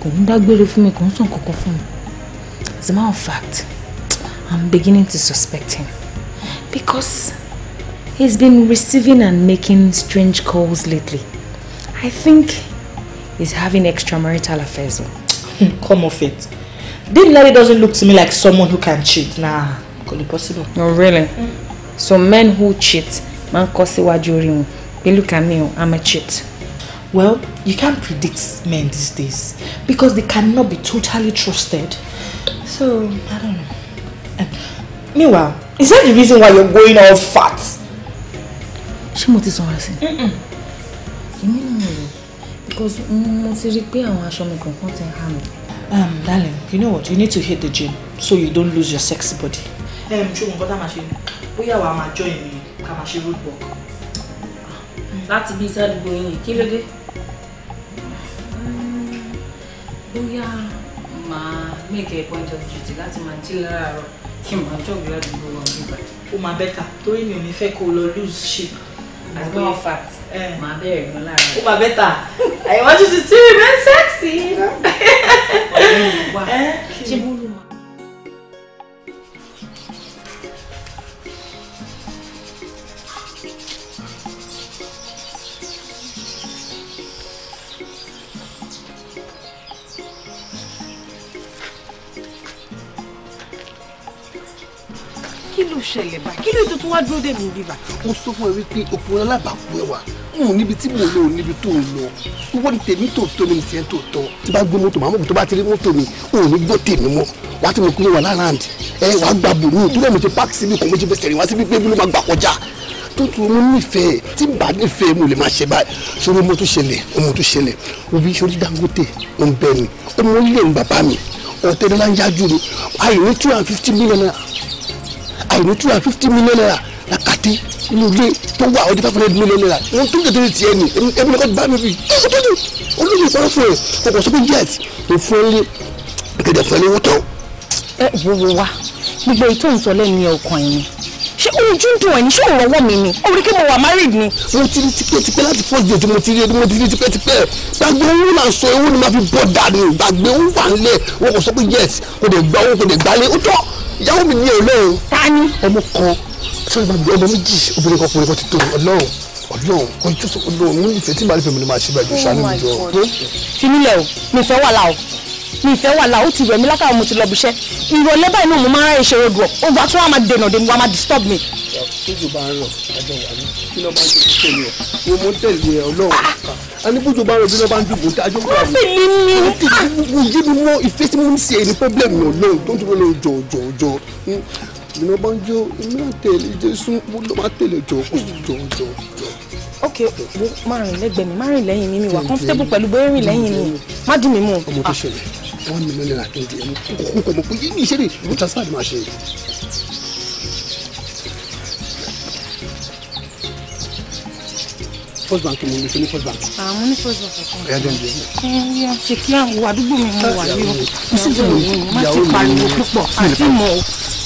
Kò ń dágbére fún mi, kò ń sùn kankan As a matter of fact, I'm beginning to suspect him because he's been receiving and making strange calls lately. I think he's having extramarital affairs. <laughs> Come off it. Dean Larry doesn't look to me like someone who can cheat. Nah, could be possible. No, really? Mm. So men who cheat, man kosi wajurimu. They look at me, I'm a cheat. Well, you can't predict men these days because they cannot be totally trusted. So, I don't know. And eh, meanwhile, is that the reason why you're going all fat? She mo ti sọ̀rọ̀ sí? Èmi nìyẹn because mo ti rí i pé àwọn aṣọ mi kọ̀ọ̀kan ti ń há Um, darling, you know what? You need to hit the gym so you don't lose your sexy body. Um, ṣùgbọ́n bọ́tà máa ṣe bóyá wàá máa join mi ká máa ṣe road work. That's bí iṣẹ́ àdúgbò yín kí ló dé? Bóyá ma make a point of duty That's máa jí láàárọ̀ kí màá jọ̀gbé àdúgbò wọn nígbà. Ó máa bẹ́tà torí mi ò ní fẹ́ lose shape. As a matter of fact, eh. màá bẹ̀rẹ̀ gan láàárọ̀. Ó máa bẹ́tà. I want you to see me, man sí. ọ̀rẹ́ mi wá ṣé mo lù wá. kí ló ṣẹlẹ̀ báyìí kí ló tuntun wá dúró dé mi bíbá. mo sọ fún ẹ wípé òfin alábàápọ̀ ẹ wà n níbi tí mò ń lò níbi tó ń lọ ìwọ ni tèmi tó tó mi nìyẹn tó tọ tí bá gbé mọ́tò màmú tó bá ti rí mọ́tò mi òun ní gbọ́ tèmi mọ́ wà á ti mọ pé wà láràǹdì ẹ wà á gba bòmí tó lẹ́nu ti páàkì síbi kò méjì bẹ́sẹ̀ rìn wá síbi pé bí ló máa gbà kọjá tó tún mo nífẹ̀ẹ́ tí bá nífẹ̀ẹ́ mo lè máa ṣe báyìí sórí mo tún ṣẹlẹ̀ mo tún ṣẹlẹ̀ òbí sórí Dangote ń bẹ mi ọmọ ilé ń bàbá mi ọ̀tẹ̀dọ́lá ń yájú mi àìní two hundred fifty million naira àìní two hundred fifty million naira lákàtí inú ilé tó wà ọdún five hundred million naira wọn tó ń tètè tiẹ̀ ni ẹbí mi kọ́ ti bá mi fi tọ́jú tọ́jú olóyè sọ́rọ́ fún ẹ kòkò sọ pé jet tó fún ẹ lé gẹ̀dẹ̀ fún ẹ ní wọ́tọ̀. ẹ wo wo wa gbogbo ètò ìtọ́lẹ̀ ni ọkàn ẹ̀ ni ṣé ojú ń dùn ẹ̀ ní ṣé òun ọwọ́ mi ni orí kí mo wà married ni. mo ti rí tipẹ́tipẹ́ láti first date mo ti rí mo ti rí tipẹ́tipẹ́ gbàgbé owó náà sọ owó ni màá fi bọ́ dànù gbàgbé owó wà nílẹ̀ wọn kò sọ pé yes kò dé gbà owó kò dé gbálé ó tọ́ ìyàwó mi ní ọlọ́run. ta ni. ọmọ kan sọ́ni bá bí ọmọ méjì obìnrin kan kùnrin kan ti tó ọlọ́run ọlọ́run kò jù sọ ọlọ́run mo nífẹ̀ẹ́ tí màá nífẹ̀ẹ́ mi ni màá ṣe bẹ́ẹ̀ jù ṣàánú mi jọ. Oh hmm? fínílẹ̀ o mi fẹ́ wà láò mi fẹ́ wà láò ti rẹ̀ mí látàwọn mo ti lọ bíṣẹ́ ìrọ̀lẹ́ báyìí náà mo máa ń ráyè ṣe odò ó gba tí wọ́n á máa dènà dé wọ́n á máa disturb mi. tójú bá ń rọ ẹgbẹ́ wà ní kí ló bá ń tẹ̀lé tẹ̀lé ẹ̀ wo mo tẹ̀lé ẹ̀ ọlọ́run anibujo bá ń rọ bí ló bá ń dùn iná bá ń jó iná tẹ̀lé jésù ló má tẹ̀lé jọ̀ọ́ jọ̀ọ́ jọ̀ọ́. ok wo má rìn lẹ́gbẹ̀ẹ́ mi má rìn lẹ́yìn mi mi wà comfortable pẹ̀lú bóyá rìn lẹ́yìn mi má dì mí mú. ọmọ tó ṣẹlẹ̀ wọn ní mílíọnù náírà kéde ẹmu kókó kọ mọ pé yíyí ìṣẹ̀lẹ̀ ìlú transfer máa ṣe. first bank mo ní ṣe ní first bank. àmọ́ ah, ní first bank kan. ẹ̀yà jẹun jẹun. ẹ̀yà ṣe kí àwọn àdúgbò mi mú wà ní o. ìyàwó mi ìyàwó mi ìyàwó mi àti mọ̀ o.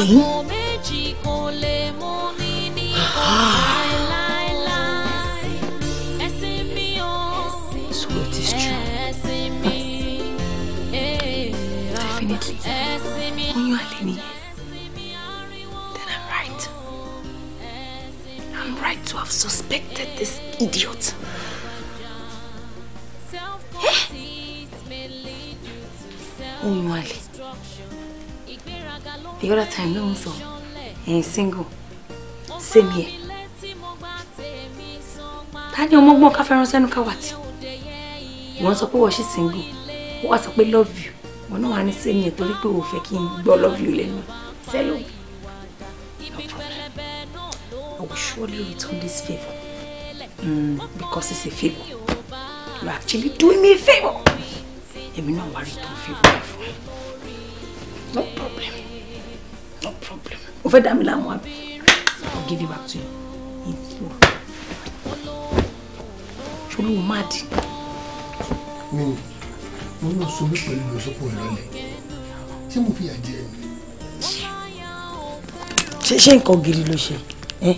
òkè So it is true. Definitely. Oyún àlè ni. Then I'm right. I'm right to have suspected this idiot. The other time, no one saw. And single. Same here. Ta ni ọmọ gbọ́n ká fẹ́ràn sẹ́nu ká wà tí? Wọ́n sọ pé wọ́n ṣì single. Wọ́n wá sọ pé love you. Wọ́n náà wá ní same here torí pé o fẹ́ kí n love you lẹ́nu. Sẹ́lò. No problem. I will surely return this favor. Mm, because it's a favor. You're actually doing me a favor. favour. Èmi náà wá return favour fún ẹ. No problem o fẹ́ dá mi láàmú àbí I'll give it back to you ìlú ṣolówó má dì. mi mo lọ sọ mí pẹ̀lú ìlọsọ́pọ̀ ìrọ̀lẹ́ tí mo fi àjẹ mi. ṣé ṣé nǹkan gidi ló ṣe ẹ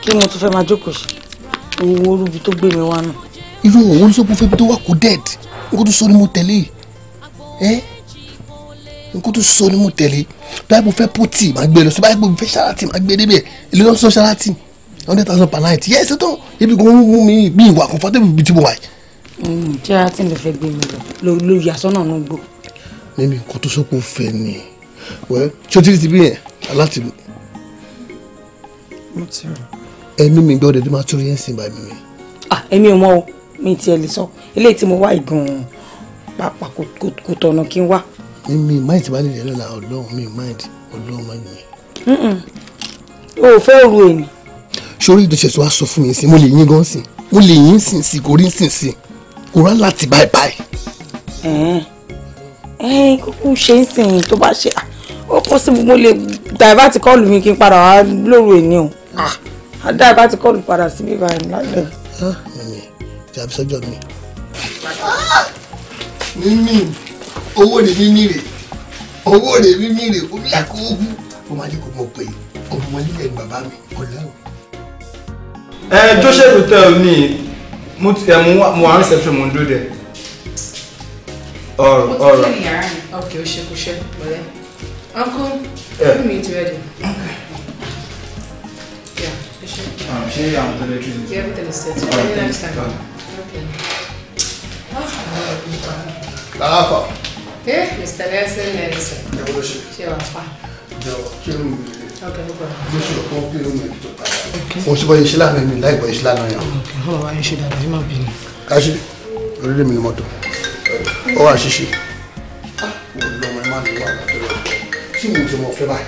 kí mo tún fẹ́ máa jókòó sí owó orúbi tó gbé mi wá náà. irú òun ló sọ fẹ́ bí tó wà kó dead nǹkan tó sọ ni mo tẹ̀lé ẹ. Eh? nǹkan tó sọ ni mo tẹ̀lé báyìí mo fẹ́ pọ́tì máa gbé e lọ sí báyìí mo fẹ́ ṣáláàtì máa gbé e débẹ̀ ilé lọ sọ ṣáláàtì hundred thousand per night yẹ́sì tán ebi kan mú mi bí ìwà comfortable bí ti mo wà yìí. Mm, ṣáláàtì lè fẹ́ gbé mi lọ ló yà sọ́nà náà gbò. mímí nǹkan tó sọ́kò fẹ́ ni wẹ́ ṣé o ti rí ti bí yẹn aláàtì mi. ẹ̀mí mi gbọ́dọ̀ dé máa tó yẹn sìn báyìí mi. ẹ̀mí ah, ò mọ o mi tiẹ̀ lè sọ eléyìí tí mo wá ìgbọ̀n pàápàá kò tọ̀nà kí n wá mi mind ti bá lè dẹ́rẹ́ la ọlọ́run mi mind ọlọ́run máa yẹn. o ò fẹ́ ru èmi. sórí ìdọ̀sẹ̀sọ wa sọ fún mi sí mo lè yín gan sí mo lè yín sìn sí kò rí sìn sí kò rán láti báyìí báyìí. kúkú ṣe ń sìn tó bá ṣe ah, ó pọ̀ sí mo lè dàbá ti kọ́ọ̀lù mi kí n padà wá lóru èmi o dàbá ti kọ́ọ̀lù padà sí bíbá ẹ̀ lálẹ́. Ah, mímí jàbí sọ́jọ́ mi. Ah! mímí owó rẹ̀ mímí rẹ̀ owó rẹ̀ mímí rẹ̀ omi àkókò ọmọ adé kò mọ̀ pé ọmọ nílẹ̀ bàbá mi ọ̀la o. ẹ jọ́sẹ̀kù tẹ ò ní mo ti ẹ mo wà reception mo ń dúró dẹ. ọ̀rọ̀ ọ̀rọ̀ ọkẹ ó ṣe kó ṣe ọ̀rẹ́ uncle fún mi ti rẹ dẹ. ṣé àwọn tẹlẹ tí. yẹ kó tẹlẹ sẹ tí wọn ní láìsàn. láàfà. Eh, Mr. Nelson Nelson. Jọ̀wọ́ ṣe. Ṣé wàá pa? Jọ̀wọ́ kí ló ń gbé? Ok, no problem. Mo ṣe ọ̀pọ̀ kí ló ń gbé tó padà. Mo ṣe bọ́ iṣẹ́ láàrin mi láì bọ́ iṣẹ́ lánàá yàn. Ok, ọ̀rọ̀ wa ń ṣe dáadáa, ẹ má bínú. Káṣí, orílẹ̀ mi ni mọ́tò. Ó wà ṣíṣe. Mo lọ ọmọ ẹ má lè wà látọ̀ lọ. Kí ni ìjọba ọ̀fẹ́ báyìí?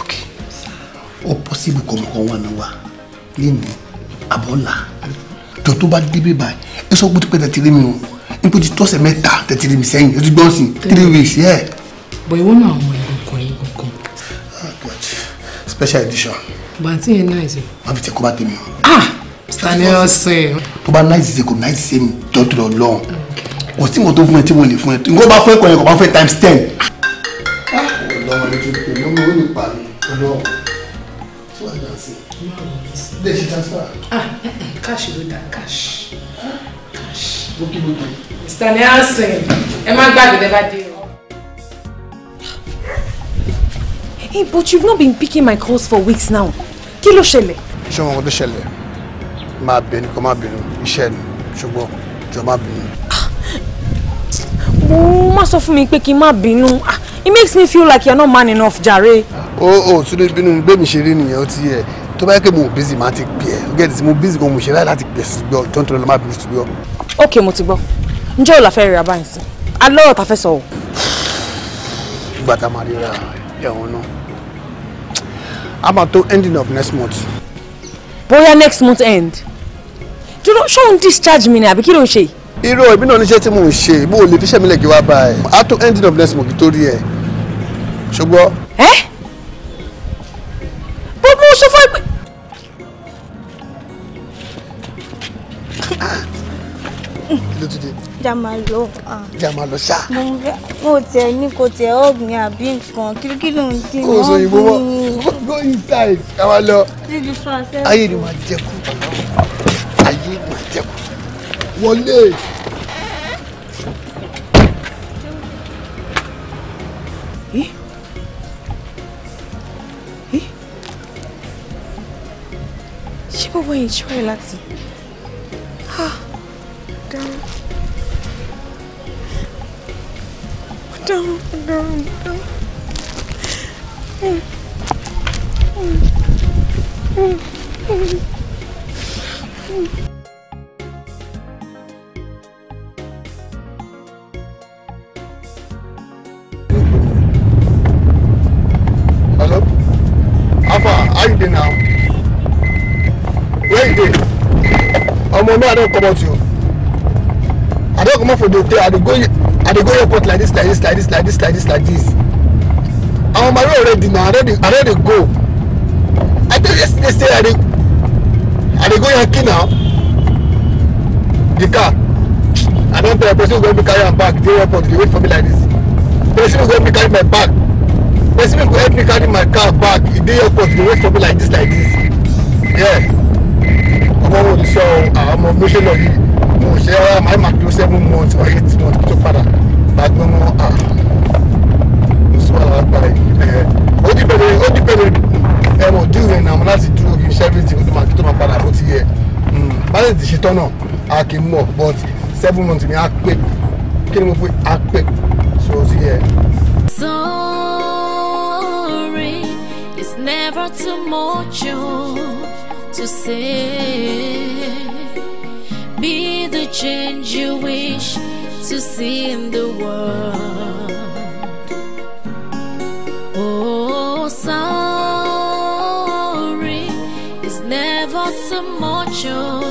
Ok, ó pọ́sibù kọ̀ọ̀kan wà mí wá lẹ́nu àbọ̀là jọ tó bá débè báyìí ẹ sọ pé tipẹ́ tẹ̀tí mi o n pé ti tọ́sẹ̀ mẹ́ta tẹ̀tí mi sẹ́yìn ẹ ti gbọ́n sí three weeks yẹ. bọ̀ ìwọ náà àwọn ìlú kan yìí kankan. Ah, special edition. bàtí yẹn náà ẹsẹ. má fi tẹ kó bá tẹ mi o. ah stanley ọsẹ. tó bá náà ìsìsẹ kò náà ìsìsẹ mi jọ tó lọ lọ́hùn kò sí mo tó fún ẹ tí mo lè fún ẹ tó nǹkan bá fún ẹ kọ yẹn kò bá fún ẹ times ten. Ah! ọlọ́run ẹ ti pè mọ́ mi ó lè pa mi ọlọ́run tí wàá dá sí i cash ló dá cash cash gbogbo gbogbo mr nelson ẹ má gbàgbé lẹ́ bá dé o. Hey, but you've not been picking my calls for weeks now. Kí ló ṣẹlẹ̀? Ṣé wọn kò tó ṣẹlẹ̀? Máa bínú kó má bínú, iṣẹ́ ni, ṣùgbọ́n jọ má bínú. Mo má sọ fún mi pé kí n má bínú. Ah, it makes me feel like you're not man enough, Jare. Ah, o ò tún lè bínú gbé mi ṣeré nìyẹn, ó ti yẹ tó bá yẹ kí mo busy máa ti pè ẹ́ gẹ́gẹ́ tí mo busy gan mo ṣe láì láti pè sí gbọ́ tó ń tọ́lọ́ lọ́ máa bí sí ok mo ti gbọ́ ǹjẹ́ ò la fẹ́ rí báyìí sí alẹ́ ọ̀tá fẹ́ sọ o. ìgbà tá a máa ríra ẹ̀wọ̀n náà a máa tó ending of next month. bóyá next month end dúró ṣóun discharge mi ni àbí kí ló ń ṣe yìí irú ẹbí náà níṣẹ́ tí mò ń ṣe mo lè fi ṣẹ́mi lẹ́gẹ̀ẹ́ wá bá ẹ a tó ending of next month tó rí ẹ ṣùgbọ́n. ẹ bó mo sọ fún ẹ pé kí ló tún dé. ìjà máa lọ. ìjà máa lọ ṣáà. mo tiẹ̀ ní kò tiẹ̀ ọ̀gbìn àbí nǹkan kíríkí ló ń dín náà. kò sọ ìbò mọ́ go inside ká wá lọ. ayé ni màá jẹ́kù ayé ni màá jẹ́kù wọlé. ṣé gbogbo yìí ṣọ́ láti Don't dáhùn mo dáhùn mo dáhùn mo dáhùn. Mm-hmm. ọmọ náà dẹ̀ kọ́ bọ́ ti o don comot for the hotel i dey go i dey go airport like this like this like this like this like this like this i'm on my way already now i no dey i no dey go i tell you yesterday say i dey i dey go yankee now the car i don tell person wey go help me carry am back dey airport dey wait for me like this person wey go help me carry my bag person wey go help me carry my car back e dey airport dey wait for me like this like this yeah ọmọ wo ni sọ ah, ọmọ mo ṣe lọ yìí ṣe ẹ máa máa dúró seven months or eight months tó padà gbàgbọ́ mọ́ à lọ́sọ̀rọ̀ àgbà ẹ̀ ó ti bẹ̀rẹ̀ ó ti bẹ̀rẹ̀ ẹ̀wọ̀n dúró náà láti dúró kí iṣẹ́ fi ti tó máa tó máa padà bó ti yẹ hmm, bá ti ṣetán náà a kì í mọ̀ but seven months ni a pè kí ni mo pè a pè so ti yẹ. Sorry, it's never too much to say. change you wish to see in the world. Oh, sorry, it's never so much oh,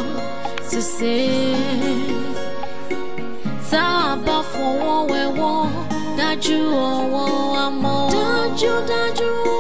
to say. Taba for one, we won't. Dájú, oh, oh, amor. Dájú, dájú, oh.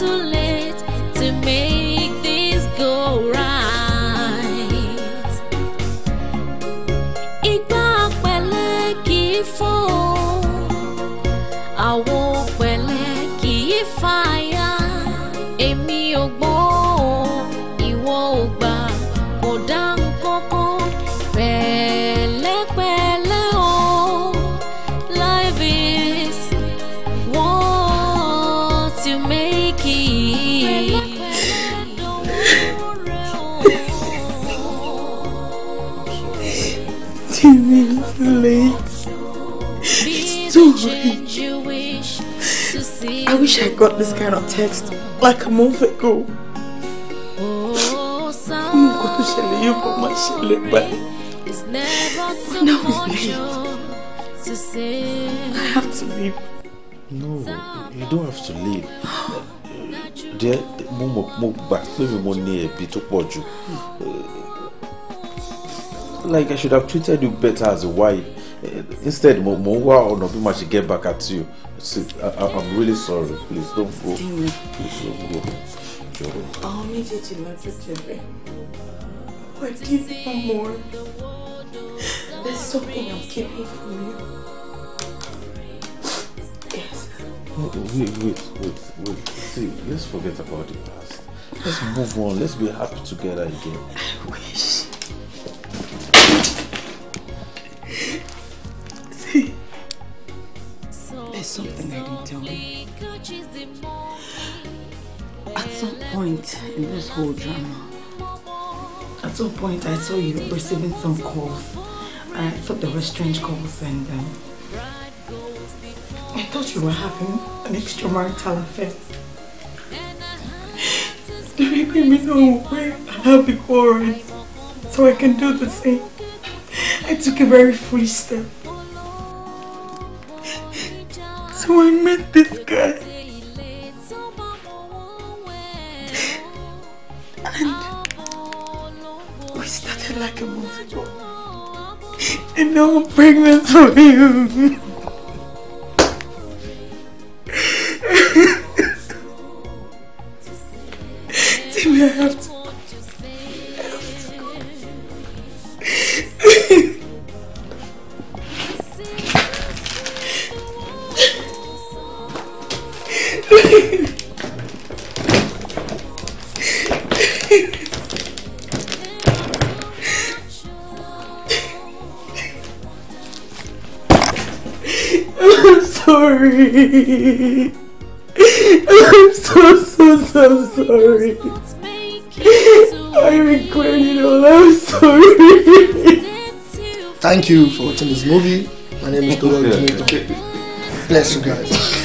to wish I got this kind of text like a month ago. Fún nǹkan to ṣẹlẹ̀ you kọ́ my ṣẹlẹ̀ But now it's late. I have to leave. No, you don't have to leave. Díẹ̀ mo mọ̀ mo gbà pé mi mo ní ẹ̀bi tó pọ̀ Like I should have treated you better as a wife. Eh, instead mo mo ń wá ọ̀nà bí ma ṣe get back at you see I, i'm really sorry please don't go please don't go jọ̀wọ́. àwọn méjèèjì ló ti jẹ̀bẹ̀ but give me more there's something i'm keeping from you. Yes. Oh, wait, wait, wait, wait. See, let's forget about the past. Let's move on. Let's be happy together again. I wish. At some point in this whole drama, at some point I saw you receiving some calls. I thought they were strange calls and um, I thought you were having an extramarital affair. <laughs> You're making me know where I have the so I can do the same. I took a very foolish step. do I meet this guy? And we started like a movie. And now I'm pregnant for you. you for watching this movie. My name is Dora. Bless you guys.